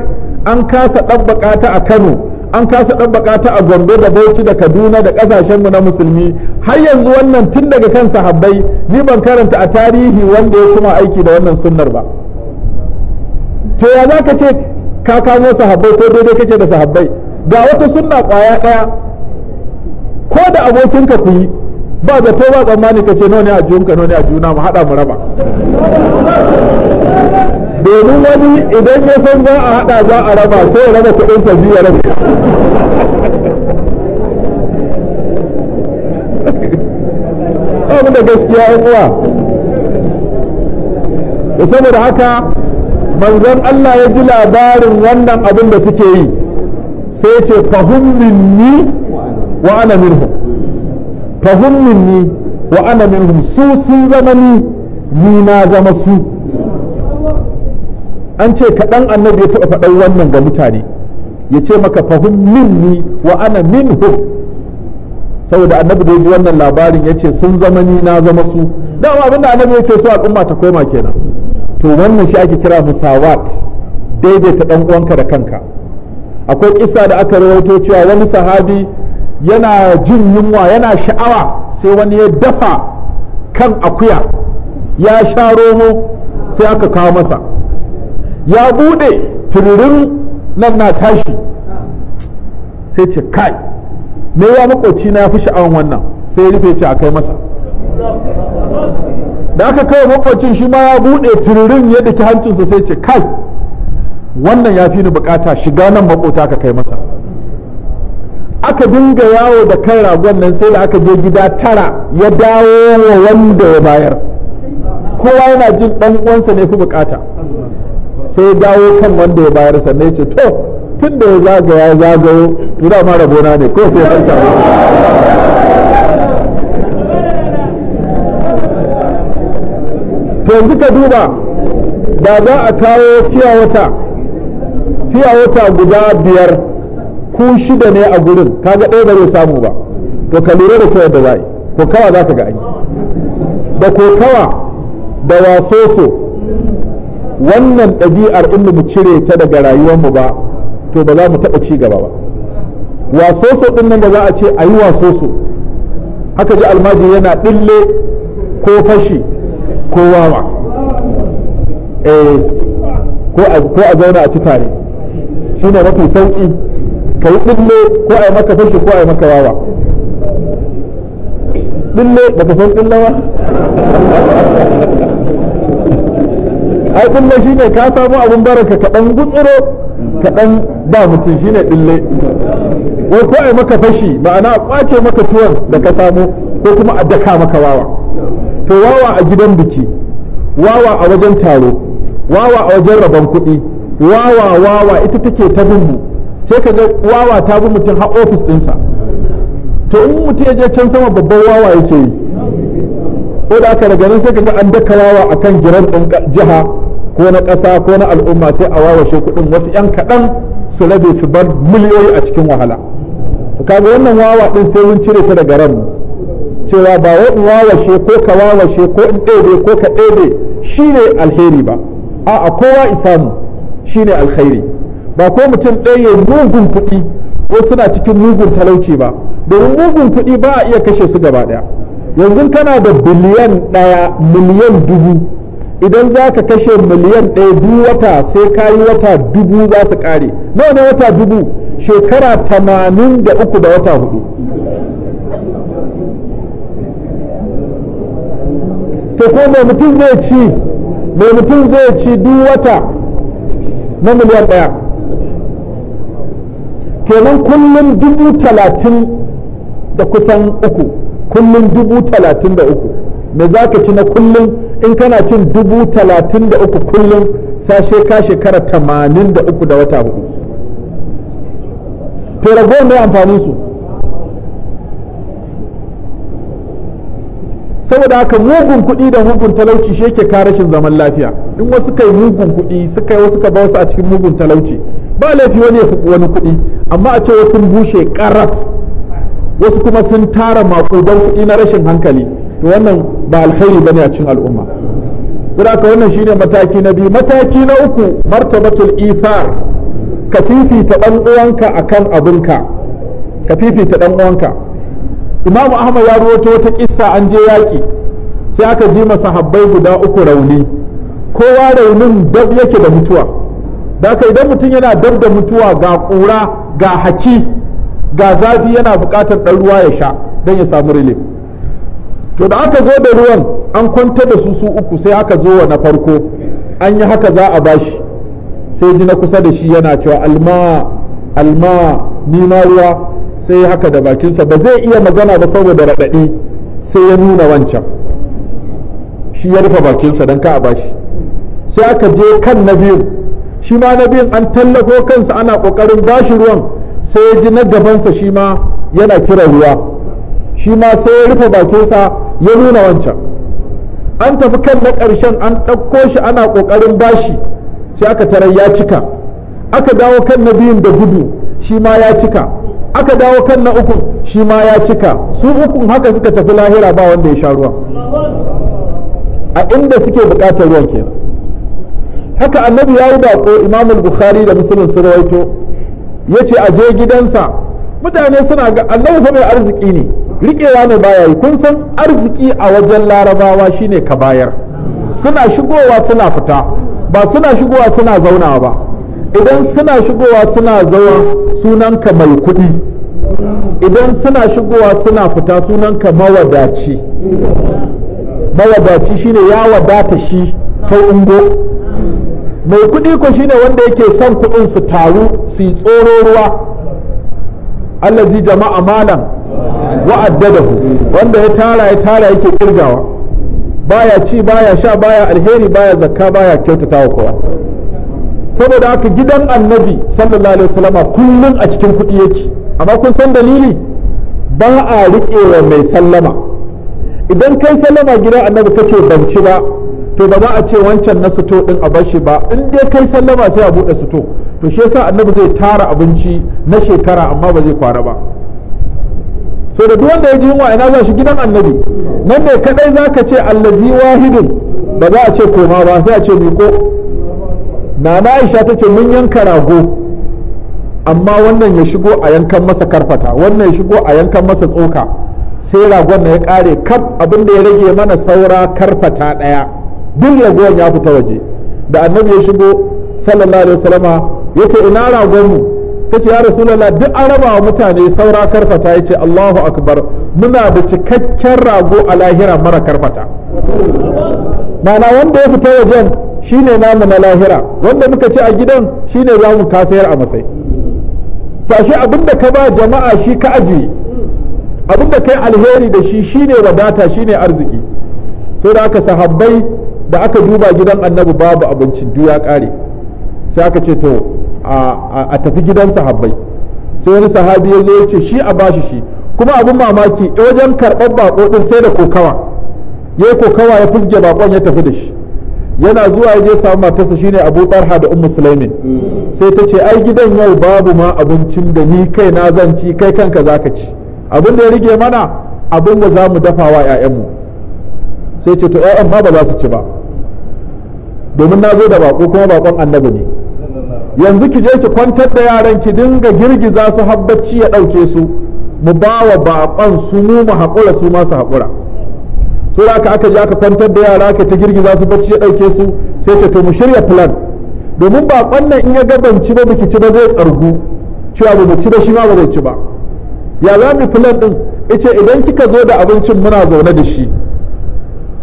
an kasa ɗabbaka ta a kano an kasa ɗabbaka ta a gombe da bauchi da kaduna da ƙasashenmu na musulmi har yanzu wannan tun daga kan sahabbai ni ban karanta a tarihi wanda ya kuma aiki da wannan sunnar ba to ya za ka ce ka kamo sahabbai ko daidai kake da sahabbai ga wata sunna kwaya ɗaya ko da abokinka ku yi ba zato ba tsammani ka ce nawa ne a nawa a juna mu haɗa mu raba domin wani idan ya san za a haɗa za a raba sai ya raba kuɗin sa biyu ya raba da gaskiya yan uwa da saboda haka manzon Allah ya ji labarin wannan abin da suke yi sai ce fahimmin ni wa ana minhum fahum minni wa ana minhum su sun ni na zama su an ce kaɗan annabi ya taɓa faɗan wannan ga mutane ya ce maka fahim minni wa ana minhum saboda annabi da ya ji wannan labarin ya ce sun zama ni na zama su dama abinda annabi yake so al'umma ta koma kenan to wannan shi ake kira musawat daidaita dan uwanka da kanka akwai isa da aka rawaito cewa wani sahabi yana jin yunwa yana sha'awa sai wani ya dafa kan akuya ya sha romo sai aka kawo masa ya bude tiririn nan na tashi sai ce kai me ya makoci na ya fi sha'awan wannan sai ya rufe ce a kai masa da aka kai makocin shi ma ya bude tiririn ya daki hancinsa sai ce kai wannan ya fi ni bukata shiga nan makota ka kai masa aka dinga yawo da kan ragon nan sai da aka je gida tara ya dawo wa wanda ya bayar kowa yana jin dan uwansa ne fi bukata sai dawo kan wanda ya bayar sannan ya ce to tun da ya zagaya ya zagayo gida ma rabona ne ko sai farka to yanzu ka duba da za a kawo fiya wata fiya wata guda biyar ku shida ne a gurin kaga ɗaya ba zai samu ba to ka lura da koyar da za'i ko kawa za ka ga an da ko kawa da wasoso wannan ɗabi'ar in mu cire ta daga rayuwar mu ba to ba za mu taɓa ci gaba ba wasoso ɗin nan da za a ce a yi wasoso haka ji almaji yana ɗille ko fashi ko wawa eh, ko a zauna a ci tare shi ne mafi sauƙi ka yi ɗille ko a yi maka fashi ko a yi maka wawa ɗille da ka san ɗille ba ai ɗille shi ne ka samu abin baraka ka ɗan gutsuro ka ɗan ba mutum shi ne ɗille ko ko a yi maka fashi ma'ana a ƙwace maka tuwon da ka samu ko kuma a daka maka wawa to wawa a gidan biki wawa a wajen taro wawa a wajen rabon kuɗi wawa wawa ita take ta bin mu sai ka ga wawa ta bi mutum har ofis ɗinsa to in mutum ya je can sama babban wawa yake yi so da aka daga nan sai ka ga an daka wawa akan giran ɗin jiha ko na ƙasa ko na al'umma sai a wawashe kuɗin wasu 'yan kaɗan su rabe su bar miliyoyi a cikin wahala kaga wannan wawa ɗin sai mun cire ta daga ran cewa ba wa in wawashe ko ka wawashe ko in ɗebe ko ka ɗebe shine alheri ba a'a kowa isamu shine alkhairi ba ko mutum ɗaya ya mugun kuɗi ko suna cikin mugun talauci ba domin mugun kuɗi ba a iya kashe su gaba ɗaya yanzu kana da biliyan ɗaya miliyan dubu idan za ka kashe miliyan ɗaya duk wata sai ka yi wata dubu za su ƙare nawa ne wata dubu shekara tamanin da uku da wata hudu to ko mai mutum zai ci mai mutum zai ci duk wata na miliyan ɗaya kenan kullum dubu talatin da kusan uku kullum dubu talatin da uku me za ka ci na kullum in kana cin dubu talatin da uku kullum sashe ka shekara tamanin da uku da wata hudu to mai amfanin su saboda haka mugun kuɗi da mugun talauci shi yake kare rashin zaman lafiya in wasu kai mugun kuɗi suka yi wasu ka ba wasu a cikin mugun talauci ba laifi wani ya fi wani kuɗi amma a wasu sun bushe karaf wasu kuma sun tara makudan kuɗi na rashin hankali to wannan ba alkhairi bane a cikin al'umma to da wannan shine mataki na biyu mataki na uku martabatul ithar ka fifita dan uwanka akan abinka ka fifita dan uwanka imamu ahmad ya ruwato wata kissa an je yaki sai aka ji masahabbai guda uku rauni kowa raunin dab yake da mutuwa da ka idan mutum yana dab da mutuwa ga ƙura ga haki ga zafi yana buƙatar ɗan ruwa ya sha don ya samu rile to da aka zo da ruwan an kwanta da su su uku sai aka zo wa na farko an yi haka za a bashi sai ji na kusa da shi yana cewa alma alma ni ruwa sai haka da bakinsa ba zai iya magana ba saboda raɗaɗi sai ya nuna wancan shi ya rufe bakinsa don ka a bashi sai aka je kan na biyu shi ma na biyun an tallafo kansa ana kokarin bashi ruwan sai ya ji na gabansa shi ma yana kira ruwa shi ma sai ya rufe bakinsa ya nuna wancan an tafi kan na ƙarshen an ɗauko shi ana kokarin bashi sai aka tarar ya cika aka dawo kan na biyun da gudu shi ma ya cika aka dawo kan na uku shi ma ya cika su ukun haka suka tafi lahira ba wanda ya sha ruwa a inda suke buƙatar ruwan kenan haka annabi ya yi bako imamul bukhari da musulun su rawaito ya ce a je gidansa mutane suna ga annabi fa mai arziki ne riƙewa ne baya yi kun san arziki a wajen larabawa shine ka bayar suna shigowa suna fita ba suna shigowa suna zauna ba idan suna shigowa suna zauna sunanka mai kuɗi idan suna shigowa suna fita sunan ka mawadaci mawadaci shine ya wadata shi ta ungo mai kuɗi ko shine wanda yake son kuɗin su taru su yi tsoro ruwa allazi jama'a malam wa addadahu wanda ya tara ya tara yake kirgawa baya ci baya sha baya alheri baya zakka baya kyautata wa kowa saboda haka gidan annabi sallallahu alaihi wasallam kullum a cikin kuɗi yake amma kun san dalili ba a wa mai sallama idan kai sallama gidan annabi kace ban ci ba to ba za a ce wancan na sito din a bar shi ba in dai kai sallama sai a bude sito to shi yasa annabi zai tara abinci na shekara amma ba zai kwara ba so da duk wanda ya ji yunwa ina za shi gidan annabi nan ne kadai ka ce allazi wahidun ba za a ce koma ba sai a ce na nana aisha ta ce mun yanka rago amma wannan ya shigo a yankan masa karfata wannan ya shigo a yankan masa tsoka sai ragon na ya kare kaf abin da ya rage mana saura karfata daya duk ragon ya fita waje da annabi ya shigo sallallahu alaihi wasallama ya ce ina ragon mu ta ce ya rasulallah duk an raba wa mutane saura karfata ya ce allahu akbar muna da cikakken rago a lahira mara karfata mana wanda ya fita wajen shine namu na lahira wanda muka ci a gidan shine za mu kasayar a masai abin abinda ka ba jama'a shi ka ajiye abinda kai alheri da shi shine wadata shine arziki sai da aka sahabbai da aka duba gidan annabi babu abinci duk ya kare sai aka ce to a tafi gidan sahabbai sai wani sahabi ya zo ya ce shi a bashi shi kuma abin mamaki wajen karɓar bako din sai da kokawa ya yi kokawa ya fusge bakon ya tafi da shi yana zuwa ya je samu matarsa shine Abu Talha da Ummu sulaimi sai ta ce ai gidan yau babu ma abincin da ni kai na zan ci kai kanka zaka ci abin da ya rige mana abin da za mu dafa wa 'ya'yanmu sai ce to 'ya'yan ba ba za su ci ba domin na zo da bako kuma bakon annabi ne yanzu ki je ki kwantar da yaran ki dinga girgiza su habbacci ya dauke su mu ba wa bakon su mu mu haƙura su masu haƙura to da aka je aka kwantar da yara ka ta girgiza su bacci ya dauke su sai ce to mu shirya plan domin bakon nan in ya gabanci ba biki ci ba zai tsargu cewa ba mu ci ba shi ma ba zai ci ba ya za mu plan din ice idan kika zo da abincin muna zaune da shi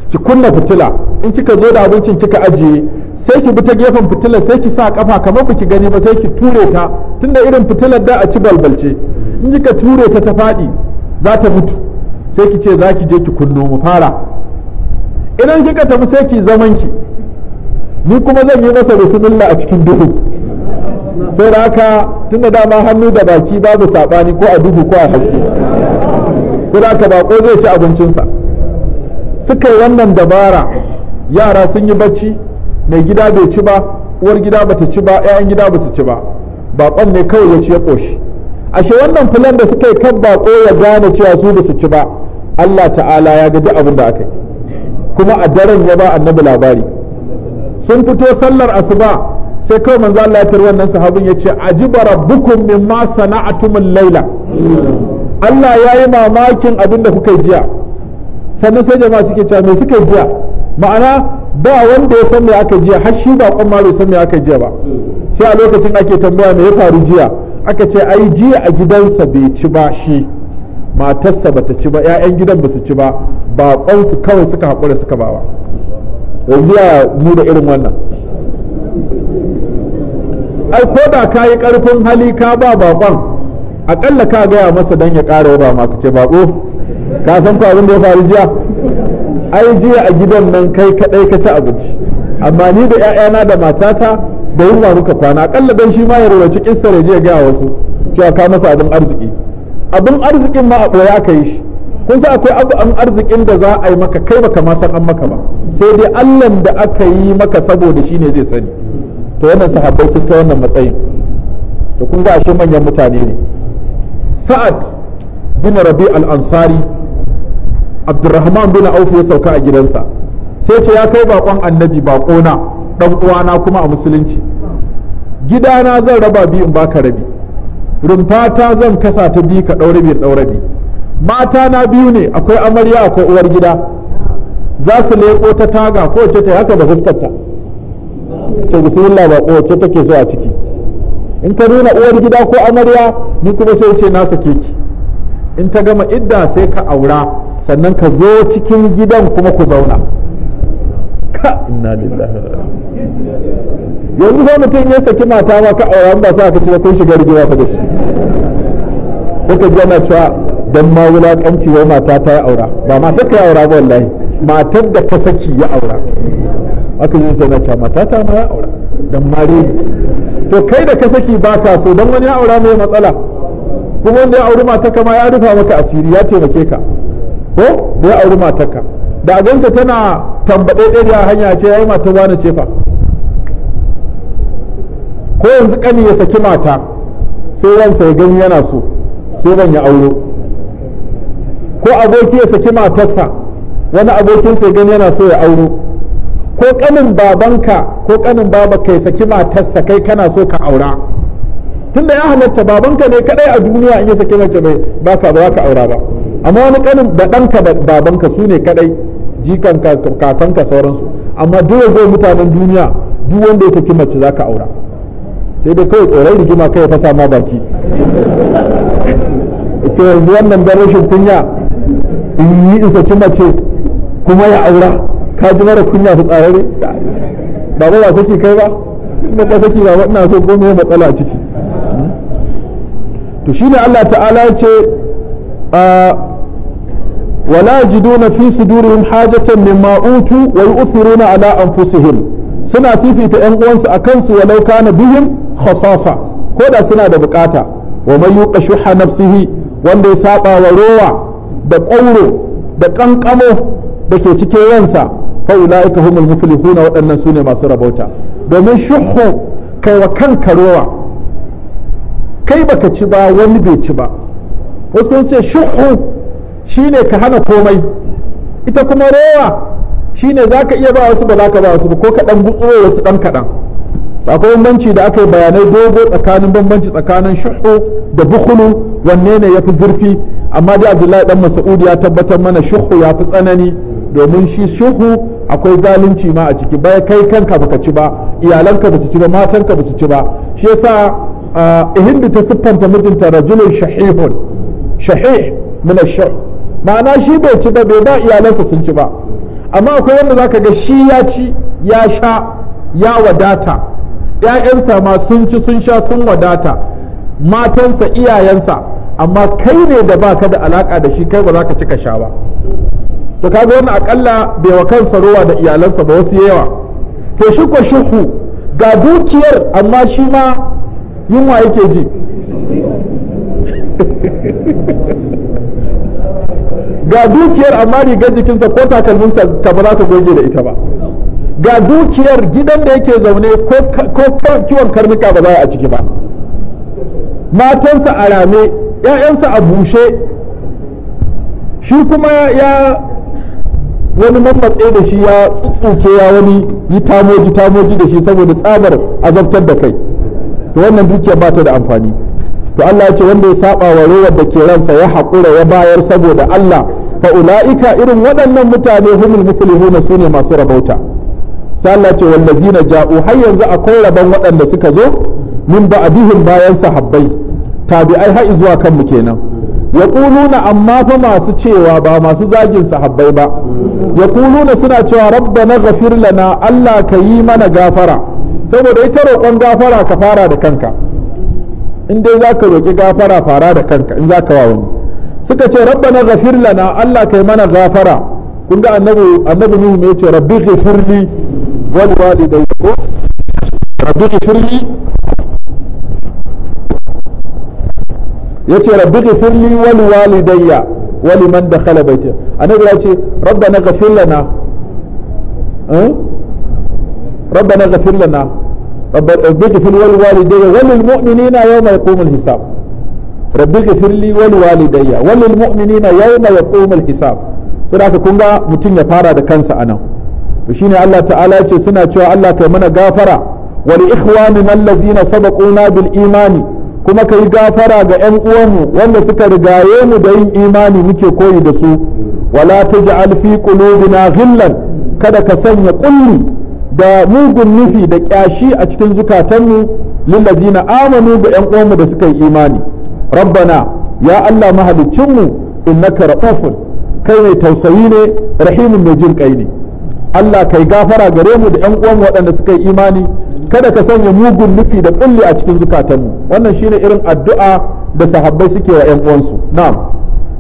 ki kunna fitila in kika zo da abincin kika ajiye sai ki bi ta gefen fitilar sai ki sa kafa kamar ki gani ba sai ki ture ta tunda irin fitilar da a ci balbalce in kika ture ta ta fadi za ta mutu sai ki ce za ki je ki kunno mu fara idan kika tafi sai ki zaman ki ni kuma zan yi masa bismillah a cikin duhu sai da haka tunda dama hannu da baki babu sabani ko a duhu ko a haske sai da haka bako zai ci abincinsa suka yi wannan dabara yara sun yi bacci mai gida bai ci ba uwar gida bata ci ba 'ya'yan gida ba su ci ba baƙon ne kawai ya ci ya ƙoshi ashe wannan filan da suka yi kan baƙo ya gane cewa su ba su ci ba Allah ta'ala ya gaji abin da aka yi kuma a daren ya ba annabi labari sun fito sallar asuba sai kawai manzo Allah ya tarwa nan sahabin ya ce ajiba rabbukum mimma sana'atum laila Allah ya yi mamakin abin da kuka yi jiya sannan sai jama'a suke cewa me suka jiya ma'ana ba wanda ya san me aka jiya har shi ba kuma bai san me aka jiya ba sai a lokacin ake tambaya me ya faru jiya aka ce ai jiya a gidansa bai ci ba shi matarsa bata ci ba ƴaƴan gidan ba su ci ba baƙonsu kawai suka haƙura suka ba yanzu ya mu da irin wannan ai ko da ka yi ƙarfin hali ka ba baƙon akalla ka gaya masa dan ya ƙara ba ma ka ce bako ka san ko abin da ya faru jiya ai jiya a gidan nan kai kadai ka ci abinci amma ni da ƴaƴana da matata da yunwa muka kwana akalla dan shi ma ya rawaci kissa ya jiya ya gaya wasu cewa ka masa abin arziki abin arzikin ma a ɓoye aka yi shi kun sa akwai abu arzikin da za a yi maka kai baka ma san an maka ba sai dai allan da aka yi maka saboda shi ne zai sani to wannan sahabbai sun kai wannan matsayin to kun ga ashe manyan mutane ne sa'ad bin rabi al-ansari abdurrahman bin auf ya sauka a gidansa sai ce ya kai bakon annabi bakona ɗan uwana kuma a musulunci gidana zan raba biyu in baka rabi rumfata zan kasa ta biyu ka ɗaure biyu ɗaure biyu mata na biyu ne akwai amarya akwai uwar gida za su leƙo ta taga ko ce ta haka da fuskarta ce bismillah ba ko ce take so a ciki in ka nuna uwar gida ko amarya ni kuma sai ce na sake ki in ta gama idda sai ka aura sannan ka zo cikin gidan kuma ku zauna ka inna lillahi yanzu ko mutum ya saki mata ma ka aura ba sa ka ce kun shiga rigima ka da shi ka ji ana cewa dan ma wulakanci wai mata ta ya aura ba mata ka ya aura ba wallahi matar da ka saki ya aura aka yi zana cewa mata ta ma ya aura dan mare to kai da ka saki ba ka so don wani ya aura mai matsala kuma wanda ya auri mataka ma ya rufa maka asiri ya taimake ka ko da ya auri mataka da a ganta tana tambaɗe ɗaya hanya ce ya yi mata wani ce fa ko yanzu ƙani ya saki mata sai ransa ya gani yana so sai ban ya auro ko aboki ya saki matarsa wani abokinsa ya gani yana so ya auro ko kanin babanka ko kanin babanka ya saki matarsa kai kana so ka aura tunda ya halatta babanka ne kadai a duniya in ya saki mace bai baka ba ka aura ba amma wani kanin da ɗanka da babanka su ne kadai jikan kakanka sauransu amma dole go mutanen duniya duk wanda ya saki mace zaka aura sai dai kawai tsoron rigima kai ya fasa ma baki ita yanzu wannan da rashin kunya in yi in saki mace kuma ya aura ka ji mara kunya ta tsarare ba ba saki kai ba inda ba saki ba ina so ko matsala ciki to shine Allah ta'ala ya ce wala jiduna fi sudurihim hajatan mimma utu wa yu'thiruna ala anfusihim suna fifita yan uwansu akan su walau kana bihim khasasa ko da suna da bukata wa man yuqashu nafsihi wanda ya saba wa rowa da ƙauro da ƙanƙamo da ke cikin yansa. fa ulaika humul muflihuna waɗannan sune masu rabauta domin shuhu kai wa kanka ruwa kai baka ci ba wani bai ci ba wasu kun ce shuhu shine ka hana komai ita kuma rowa shine zaka iya ba wasu ba zaka ba wasu ba ko ka gutsuro wasu dan kadan akwai bambanci da aka yi bayanai dogo tsakanin bambanci tsakanin shuhu da bukhulu wanne ne yafi zurfi amma dai Abdullahi dan Mas'ud ya tabbatar mana shuhu yafi tsanani domin shi shuhu akwai zalunci ma a ciki bai kai kanka baka ci ba iyalanka ba su ci ba matanka ba su ci ba shi yasa hindu ta siffanta mijinta rajulun shahihun shahih min ash ma'ana shi bai ci ba bai ba iyalansa sun ci ba amma akwai wanda zaka ga shi ya ci ya sha ya wadata ‘ya'yansa ma sun ci sun sha sun wadata matansa iyayensa amma kai ne da baka da alaka da shi kai ba za ka ci ka sha ba to kaga wannan akalla bai wa kansa rowa da iyalansa ba wasu yawa to shi ko shuhu ga dukiyar amma shi ma yunwa yake ji (laughs) ga dukiyar amma rigar jikinsa ko takalminsa ka ba za ka goge da ita ba ga dukiyar gidan da yake zaune ko kiwon karnuka ba za a ciki ba matansa a rame 'ya'yansa a bushe shi kuma ya wani mammatse da shi ya tsutsuke ya wani yi tamoji tamoji da shi saboda tsabar azabtar da kai to wannan dukiya ba ta da amfani to Allah ya ce wanda ya saba wa rowar da ke ransa ya haƙura ya bayar saboda Allah fa ula'ika irin waɗannan mutane humul muflihuna sune masu rabauta sai Allah ce wallazina ja'u har yanzu akwai rabon waɗanda suka zo min ba'dihim bayan sahabbai tabi'ai har zuwa kanmu kenan ya amma fa masu cewa ba masu zagin sahabbai ba yaquluna suna cewa rabbana ghafir lana Allah ka yi mana gafara saboda ita roƙon gafara ka fara da kanka in dai zaka roƙi gafara fara da kanka in zaka wa wani suka ce rabbana ghafir lana Allah ka yi mana gafara kun ga annabi annabi Nuhu ya ce rabbi ghafirli wal walidayya ko rabbi ya ce rabbi ghafirli wal walidayya wa da dakhala baita annabi ya ce rabbana ghafir lana rabbana ghafir lana رب اغفر لي ولوالدي وللمؤمنين يوم يقوم الحساب رب اغفر لي ولوالدي وللمؤمنين يوم يقوم الحساب to da kun kunga mutum ya fara da kansa anan to shine Allah ta'ala ce suna cewa Allah kai mana gafara wal ikhwani allazina sabaquna bil imani kuma ka yi gafara ga 'yan uwanmu wanda suka rigaye mu da yin imani muke koyi da su wala ta ji alfi kulubina ghillan kada ka sanya kulli da mugun nufi da kyashi a cikin zukatanmu lillazina amanu ga 'yan uwanmu da suka yi imani rabbana ya Allah mahaliccinmu innaka ra'ufun kai mai tausayi ne rahimun mai jin kai ne Allah kai gafara gare mu da 'yan uwanmu waɗanda suka yi imani kada ka sanya mugun nufi da kulli a cikin zukatanmu wannan shine irin addu'a da sahabbai suke wa ƴan uwansu na'am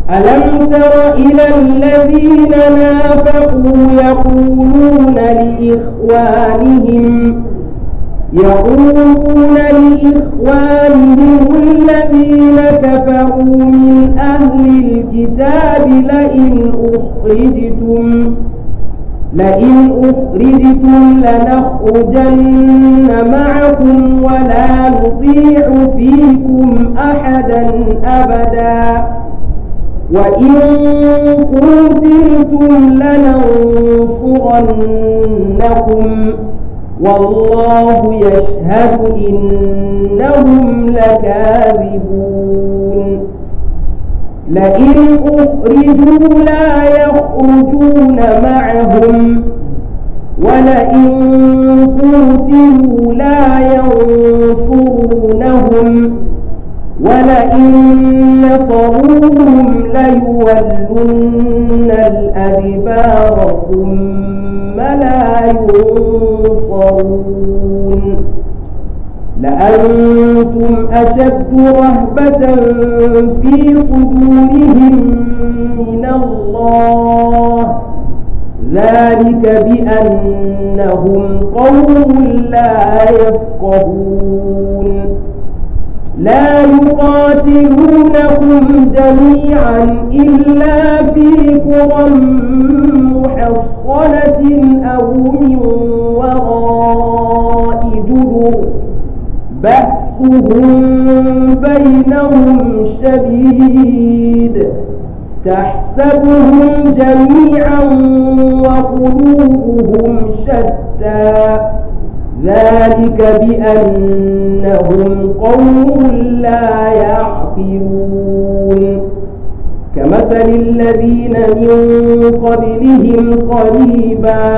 ألم تر إلى الذين نافقوا يقولون لإخوانهم يقولون لإخوانهم الذين كفروا من أهل الكتاب لئن أخرجتم لئن أخرجتم لنخرجن معكم ولا نطيع فيكم أحدا أبدا وإن قتلتم لننصرنكم والله يشهد إنهم لكاذبون لئن أخرجوا لا يخرجون معهم ولئن قتلوا لا ينصرونهم ولئن نصروهم ليولن الأدبار ثم لا ينصرون لأنتم أشد رهبة في صدورهم من الله ذلك بأنهم قوم لا يفقهون لا يقاتلونكم جميعا إلا في قرى محصنة أو من وراء جدر بأسهم بينهم شديد تحسبهم جميعا وقلوبهم شتى ذلك بأنهم قوم لا يعقلون كمثل الذين من قبلهم قريباً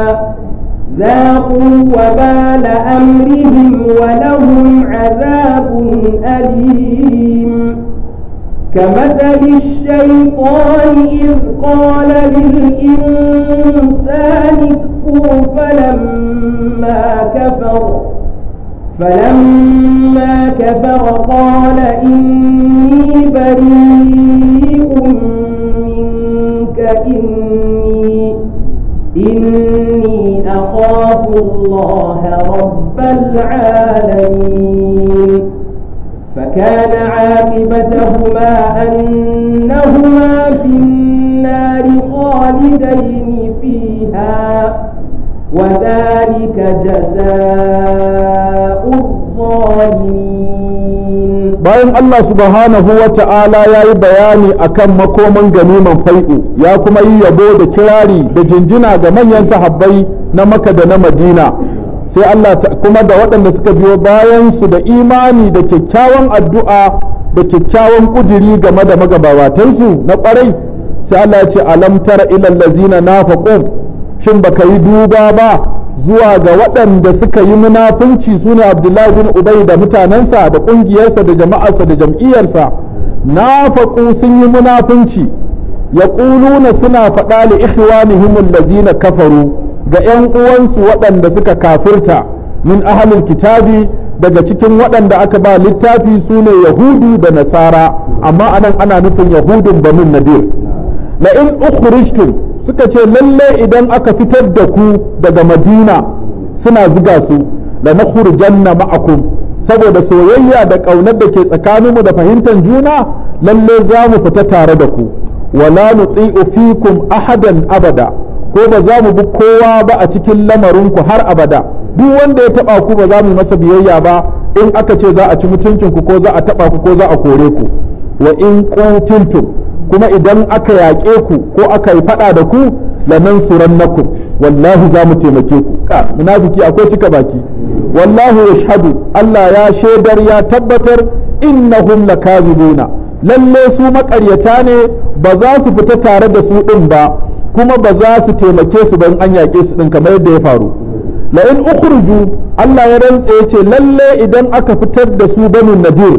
ذاقوا وبال أمرهم ولهم عذاب أليم كمثل الشيطان إذ قال للإنسان اكفر فلما كفر فلما كفر قال إني بريء منك إني إني أخاف الله رب العالمين فكان عاقبتهما أنهما في النار خالدين فيها وذلك جزاء bayan Allah subhanahu wa ta'ala ya yi bayani akan makoman ganiman fai'u ya kuma yi yabo da kirari da jinjina ga manyan sahabbai na maka da na madina sai Allah kuma da waɗanda suka biyo bayan su da imani da kyakkyawan addu'a da kyakkyawan ƙudiri game da magabawatansu na ƙwarai sai Allah ya ce alam tara ilal lazina nafaqu shin baka yi duba ba zuwa ga waɗanda suka yi munafunci su ne abdullahi bin ubai da mutanensa da ƙungiyarsa da jama'arsa da jam'iyyarsa nafaƙu sun yi munafunci ya ƙuluna suna faɗa li ihwanihim allazina kafaru ga 'yan uwansu waɗanda suka kafirta min ahalin kitabi daga cikin waɗanda aka ba littafi su ne yahudu da nasara amma anan ana nufin yahudun banin nadir la in ukhrijtum suka ce lalle idan aka fitar da ku daga madina suna ziga su da na nakhrujanna ma'akum saboda soyayya da ƙaunar da ke tsakaninmu da fahimtar juna lalle za mu fita tare da ku wala nuti'u fikum ahadan abada ko ba za mu bi kowa ba a cikin lamarinku har abada duk wanda ya taɓa ku ba za mu yi masa biyayya ba in aka ce za a ci mutuncinku ko za a taba ku ko za a kore ku wa in kuma idan aka yaƙe ku ko aka yi faɗa da ku nan suran nakum wallahi za mu taimake ku ka munafiki akwai cika baki wallahi yashhadu Allah ya shaidar ya tabbatar innahum lakazibuna lalle su maƙaryata ne ba za su fita tare da su ɗin ba kuma ba za su taimake su ban an yaƙe su ɗin kamar yadda ya faru La'in in ukhruju Allah ya rantse ya ce lalle idan aka fitar da su banu nadir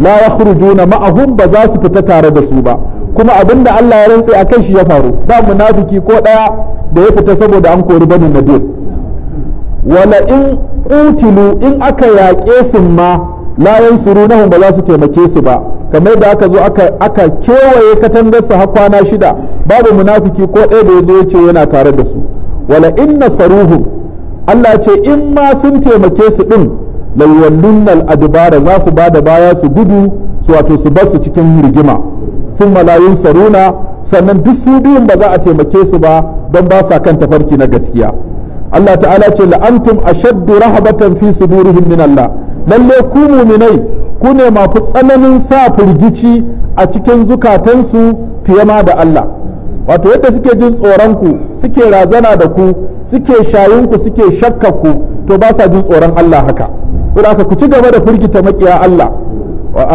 la yakhrujuna ma'ahum ba za su fita tare da su ba kuma abin da Allah ya rantse a kai shi ya faru ba munafiki ko ɗaya da ya fita saboda an kori banin nadir wala in kutilu in aka yaƙe su ma la yansurunahum ba za su taimake su ba kamar da aka zo aka kewaye katangar su har kwana shida babu munafiki ko ɗaya da ya zo ya ce yana tare da su wala in nasaruhu Allah ce in ma sun taimake su din lawallun al adbara za su bada baya su gudu su wato su bar su cikin rigima sun malayun saruna sannan duk su biyun ba za a taimake su ba don ba sa kan tafarki na gaskiya Allah ta'ala ce la'antum ashaddu rahabatan fi sudurihim min Allah lalle ku muminai ku ne mafi tsananin sa firgici a cikin zukatansu fiye ma da Allah wato yadda suke jin tsoron suke razana da ku suke shayin ku suke shakka ku to ba sa jin tsoron Allah haka kudaka ku ci gaba da firgita makiya Allah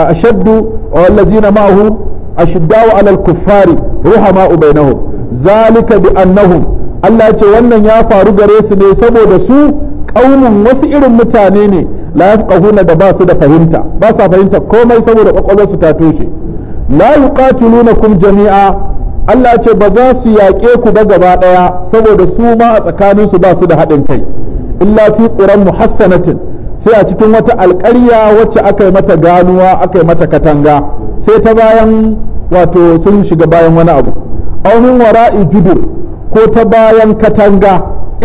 ashaddu wallazina ma'ahu ashidda'u alal kuffari ruhama ubainahu zalika bi Allah ce wannan ya faru gare su ne saboda su kaunin wasu irin mutane ne la yafqahuna da ba su da fahimta ba sa fahimta komai saboda kwakwalwar su ta toshe la yuqatilunakum jami'a Allah ce ba za su yaƙe ku ba gaba ɗaya saboda su ma a tsakaninsu ba su da haɗin kai illa fi ƙuran muhassanatin sai a cikin wata alƙarya wacce aka yi mata ganuwa aka yi mata katanga sai ta bayan wato sun shiga bayan wani abu aunin wara'i judo ko ta bayan katanga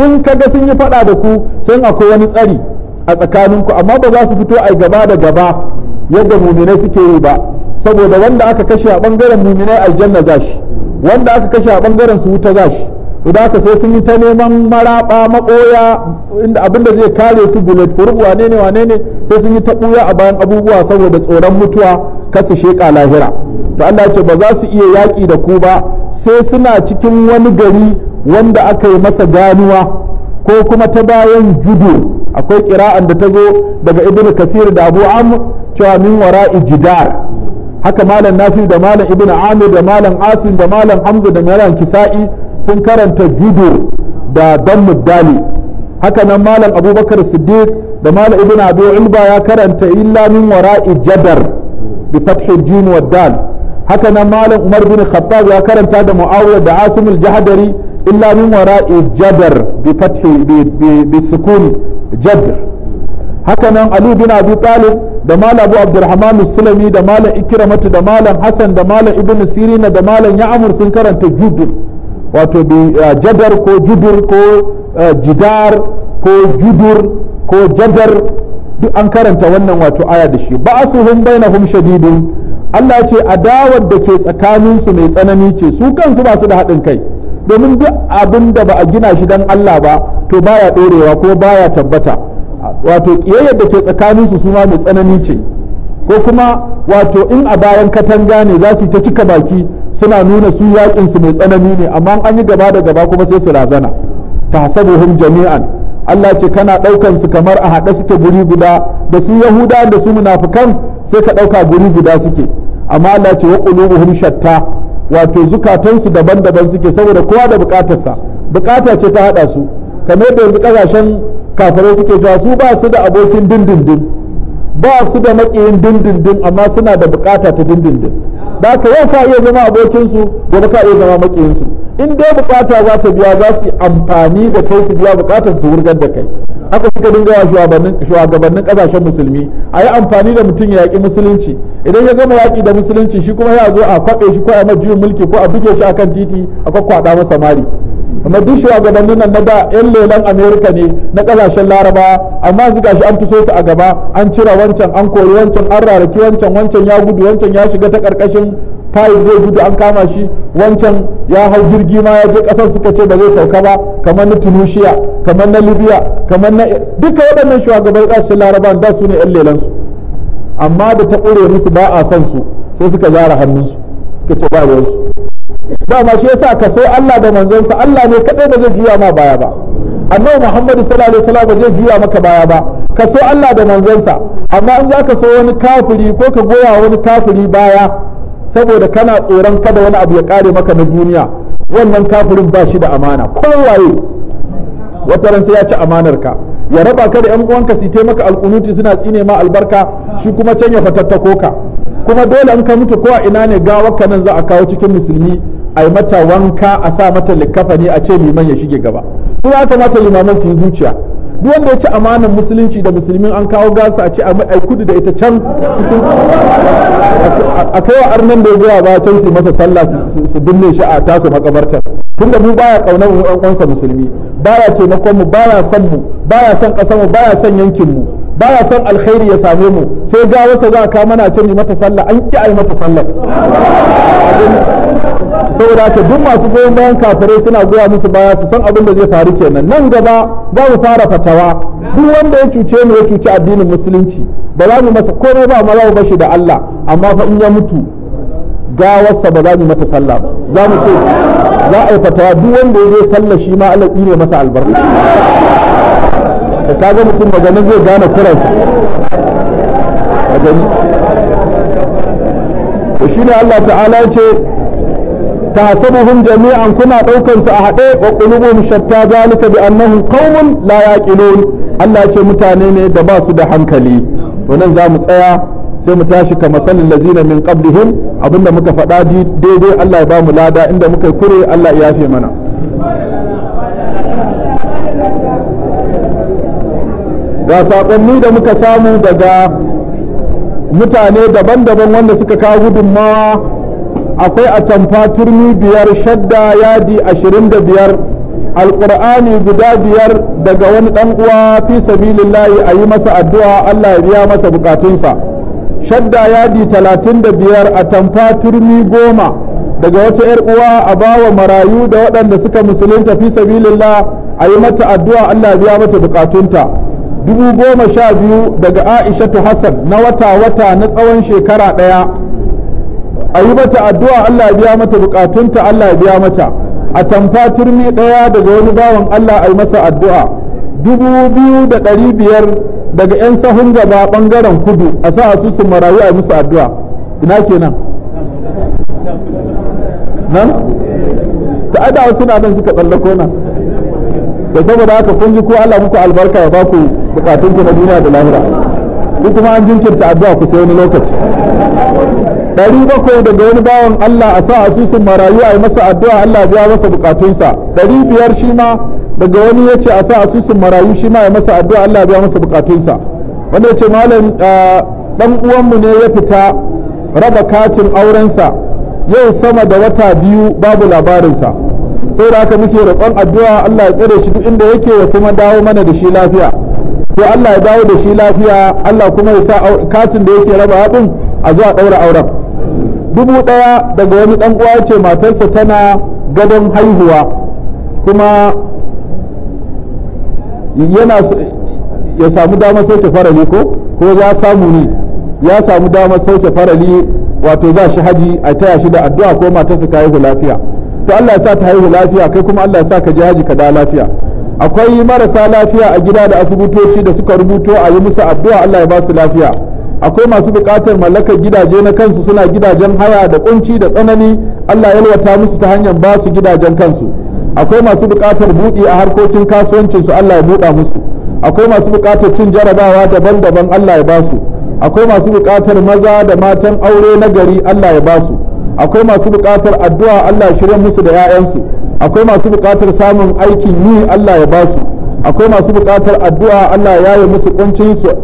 in kaga sun yi fada da ku sun akwai wani tsari a tsakaninku amma ba za su fito a gaba da gaba yadda muminai suke yi ba saboda wanda aka kashe a bangaren muminai aljanna za shi wanda aka kashe a ɓangaren su wuta za shi idan ka sai sun yi ta neman maraba makoya inda abin da zai kare su bullet proof wane ne wane ne sai sun yi ta buya a bayan abubuwa saboda tsoron mutuwa kasu sheka lahira to Allah ya ce ba za su iya yaƙi da ku ba sai suna cikin wani gari wanda aka yi masa ganuwa ko kuma ta bayan judo akwai kira'an da ta zo daga ibnu kasir da abu amr cewa min wara'i jidar haka malam nafi da malam ibnu amir da malam asim da malam hamza da malam kisa'i sun karanta judo da dan muddali haka nan malam abubakar siddiq da malam ibn abu ilba ya karanta illa min wara'i jadar bi fathil jim wa dal haka nan malam umar bin khattab ya karanta da muawiya da asim al-jahdari illa min wara'i jadar bi fathil bi bi sukun jadr haka nan ali bin abi talib da malam abu abdurrahman sulami da malam ikramatu da malam hasan da malam ibn sirina da malam ya'mur sun karanta judud wato uh, jadar ko judur ko uh, jidar ko judur ko jadar duk an karanta wannan wato aya da shi na bainahum shadidun Allah ce adawar da ke tsakaninsu mai tsanani ce su kansu ba su da haɗin kai domin duk abin da ba a gina shi don Allah ba to baya ɗorewa ko baya tabbata wato ƙiyayyar da ke tsakaninsu su ma mai tsanani ce ko kuma wato in a bayan katanga ne za su yi ta cika baki suna nuna su yakin su mai tsanani ne amma an yi gaba da gaba kuma sai su razana ta tahsabuhum jami'an Allah ce kana daukan su kamar a haɗe suke guri guda da su yahuda da su munafikan sai ka ɗauka guri guda suke amma Allah ce wa qulubuhum shatta wato zukatansu daban-daban suke saboda kowa da bukatarsa bukata ce ta haɗa su kamar da yanzu kasashen kafirai suke cewa su ba su da abokin dindindin ba su da makiyin dindindin amma suna da bukata ta dindindin ba ka yau ka iya zama abokinsu gobe ka iya zama su in dai bukata za ta biya za su yi amfani da kai su biya bukatar su wurgar da kai aka suka dinga wa shugabannin kasashen musulmi a yi amfani da mutum ya yaƙi musulunci idan ya gama yaƙi da musulunci shi kuma ya zo a kwaɓe shi ko a majiyin mulki ko a buge shi akan titi a kwakwaɗa masa mari amma duk shugabannin nan na da yan lelan amerika ne na kasashen laraba amma su gashi an tuso su a gaba an cira wancan an kori wancan an raraki wancan wancan ya gudu wancan ya shiga ta karkashin fayil zai gudu an kama shi wancan ya hau jirgi ma ya je kasar suka ce ba zai sauka ba kamar na tunisia kamar na libya kamar na duka waɗannan shugaban kasashen laraba da su ne yan lelan su amma da ta ƙure musu ba a son su sai suka zara hannun su ka ce ba ruwansu ma shi yasa ka so Allah da manzansa Allah ne kaɗai ba zai juya ma baya ba annabi Muhammadu sallallahu alaihi wasallam ba zai juya maka baya ba ka so Allah da manzansa amma in zaka so wani kafiri ko ka goya wani kafiri baya saboda kana tsoron kada wani abu ya kare maka na duniya wannan kafirin ba shi da amana kowaye wata ran sai ya ci amanar ka ya raba ka da yan uwanka su maka alkunuti suna tsine ma albarka shi kuma can ya fatattako ka kuma dole in ka mutu ko a ina ne gawarka nan za a kawo cikin musulmi a yi mata wanka a sa mata likafani a ce liman ya shige gaba su ya kamata limaman su yi zuciya duk wanda ya ci amanan musulunci da musulmin an kawo gasa a ce a mai kudu da ita can cikin a kai wa arnan da ya goya ba can su masa sallah su binne shi a tasa makabartar tunda mu baya kaunar mu ɗan uwansa musulmi baya taimakon mu baya son mu baya son ƙasar mu baya son yankin mu baya son alkhairi ya same mu sai ga wasa za ka mana ce mata sallah an ki ai mata sallah saboda duk masu goyon bayan kafare suna goya musu baya su san abin da zai faru kenan nan gaba za mu fara fatawa duk wanda ya cuce mu ya cuci addinin musulunci ba za mu masa komai ba amma za mu bashi da Allah amma fa in ya mutu gawarsa ba za mu mata sallah za mu ce za a yi fatawa duk wanda ya je sallah shi ma Allah tsire masa albarka da kaga mutum daga nan zai gane kuransa a gani shi ne Allah ta'ala ce tahsabuhum jami'an kuna ɗaukansu a haɗe wa qulubuhum shatta zalika bi annahum qaumun la yaqilun Allah ce mutane ne da ba su da hankali to nan za mu tsaya sai mu tashi ka masalin lazina min qablihim abinda muka faɗa daidai Allah ya ba mu lada inda muka kure Allah ya yafe mana ga saƙonni da muka samu daga mutane daban-daban wanda suka kawo gudunmawa akwai a tamfa turmi biyar shadda yadi ashirin da biyar alƙur'ani guda biyar daga wani ɗan uwa fi sabilillahi a yi masa addu'a allah ya biya masa bukatunsa shadda yadi talatin da biyar a tamfa turmi goma daga wata 'yar uwa a bawa marayu da waɗanda suka musulunta fi sabilillah a yi mata addu'a allah ya biya mata bukatunta dubu goma sha biyu daga aishatu hassan na wata-wata na tsawon shekara ɗaya a yi mata addu'a allah biya mata bukatunta allah biya mata a tamfa turmi ɗaya daga wani bawan allah a yi masa addu'a dubu biyu da ɗari biyar daga 'yan sahun gaba ɓangaren kudu a sa asusun marayu a yi masa addu'a ina kenan nan ta adawa suna nan suka tsallako nan da saboda haka kun ji ko Allah muku albarka ya baku bukatun ku na duniya da lahira ku kuma an jinkirta addu'a ku sai wani lokaci ɗari bakwai daga wani bawan Allah a sa asusun marayu a yi masa addu'a Allah biya masa bukatunsa ɗari biyar shi ma daga wani ya ce a sa asusun marayu shi ma ya masa addu'a Allah biya masa bukatunsa wanda ya ce malam dan ah, uwanmu ne ya fita raba katin aurensa yau sama da wata biyu babu labarinsa sai da haka muke roƙon addu'a Allah ya tsare shi duk inda yake ya kuma dawo mana da shi lafiya to Allah ya dawo da shi lafiya Allah kuma ya sa katin da yake raba haɗin a zuwa ɗaura auren dubu ɗaya daga wani ɗan uwa ce matarsa tana gadon haihuwa kuma yana ya samu damar sauke farali ko ko ya samu ne ya samu damar sauke farali wato za shi haji a taya shi da addu'a ko matarsa ta haihu lafiya to Allah ya sa ta haihu lafiya kai kuma Allah ya sa ka je haji ka da lafiya akwai marasa lafiya a gida da asibitoci da suka rubuto a yi musu addu'a Allah ya ba su lafiya akwai masu bukatar mallakar gidaje na kansu suna gidajen haya da kunci da tsanani Allah ya yalwata musu ta hanyar ba su gidajen kansu akwai masu bukatar buɗi a harkokin kasuwancin su Allah ya buɗa musu akwai masu bukatar cin jarabawa daban-daban Allah ya ba su akwai masu bukatar maza da matan aure na gari Allah ya ba su akwai masu buƙatar addu'a Allah shirya musu da 'ya'yansu akwai masu buƙatar samun aikin yi Allah ya ba su akwai masu buƙatar addu'a Allah ya yi musu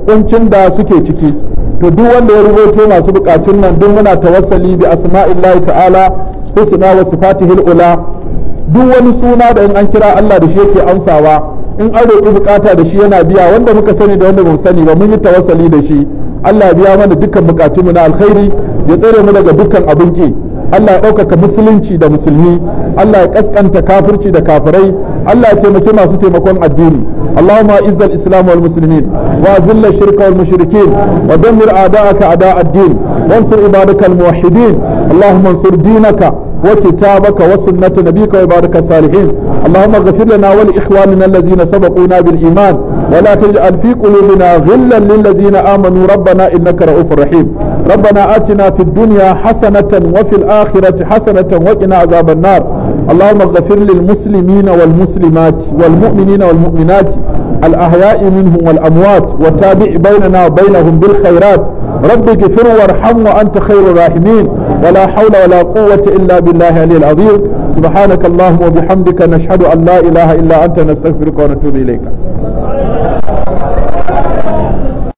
kuncin da suke ciki to duk wanda ya rubuto masu buƙatun nan duk muna tawassali bi asma'illahi ta'ala husna wa sifatihil ula duk wani suna da in an kira Allah da shi yake amsawa in an roƙi buƙata da shi yana biya wanda muka sani da wanda bamu sani ba mun yi tawassali da shi Allah ya biya mana dukkan bukatunmu na alkhairi ya tsare mu daga dukkan abin ki Allah ya ɗaukaka musulunci da musulmi Allah ya kaskanta kafirci da kafirai Allah ya taimake masu taimakon addini اللهم اعز الاسلام والمسلمين واذل الشرك والمشركين ودمر اعداءك اعداء الدين وانصر عبادك الموحدين اللهم انصر دينك وكتابك وسنة نبيك وعبادك الصالحين اللهم اغفر لنا ولإخواننا الذين سبقونا بالإيمان ولا تجعل في قلوبنا غلا للذين آمنوا ربنا إنك رؤوف رحيم ربنا آتنا في الدنيا حسنة وفي الآخرة حسنة وقنا عذاب النار اللهم اغفر للمسلمين والمسلمات والمؤمنين والمؤمنات الأحياء منهم والأموات وتابع بيننا وبينهم بالخيرات رب اغفر وارحم وأنت خير الراحمين ولا حول ولا قوة إلا بالله العلي العظيم سبحانك اللهم وبحمدك نشهد أن لا إله إلا أنت نستغفرك ونتوب إليك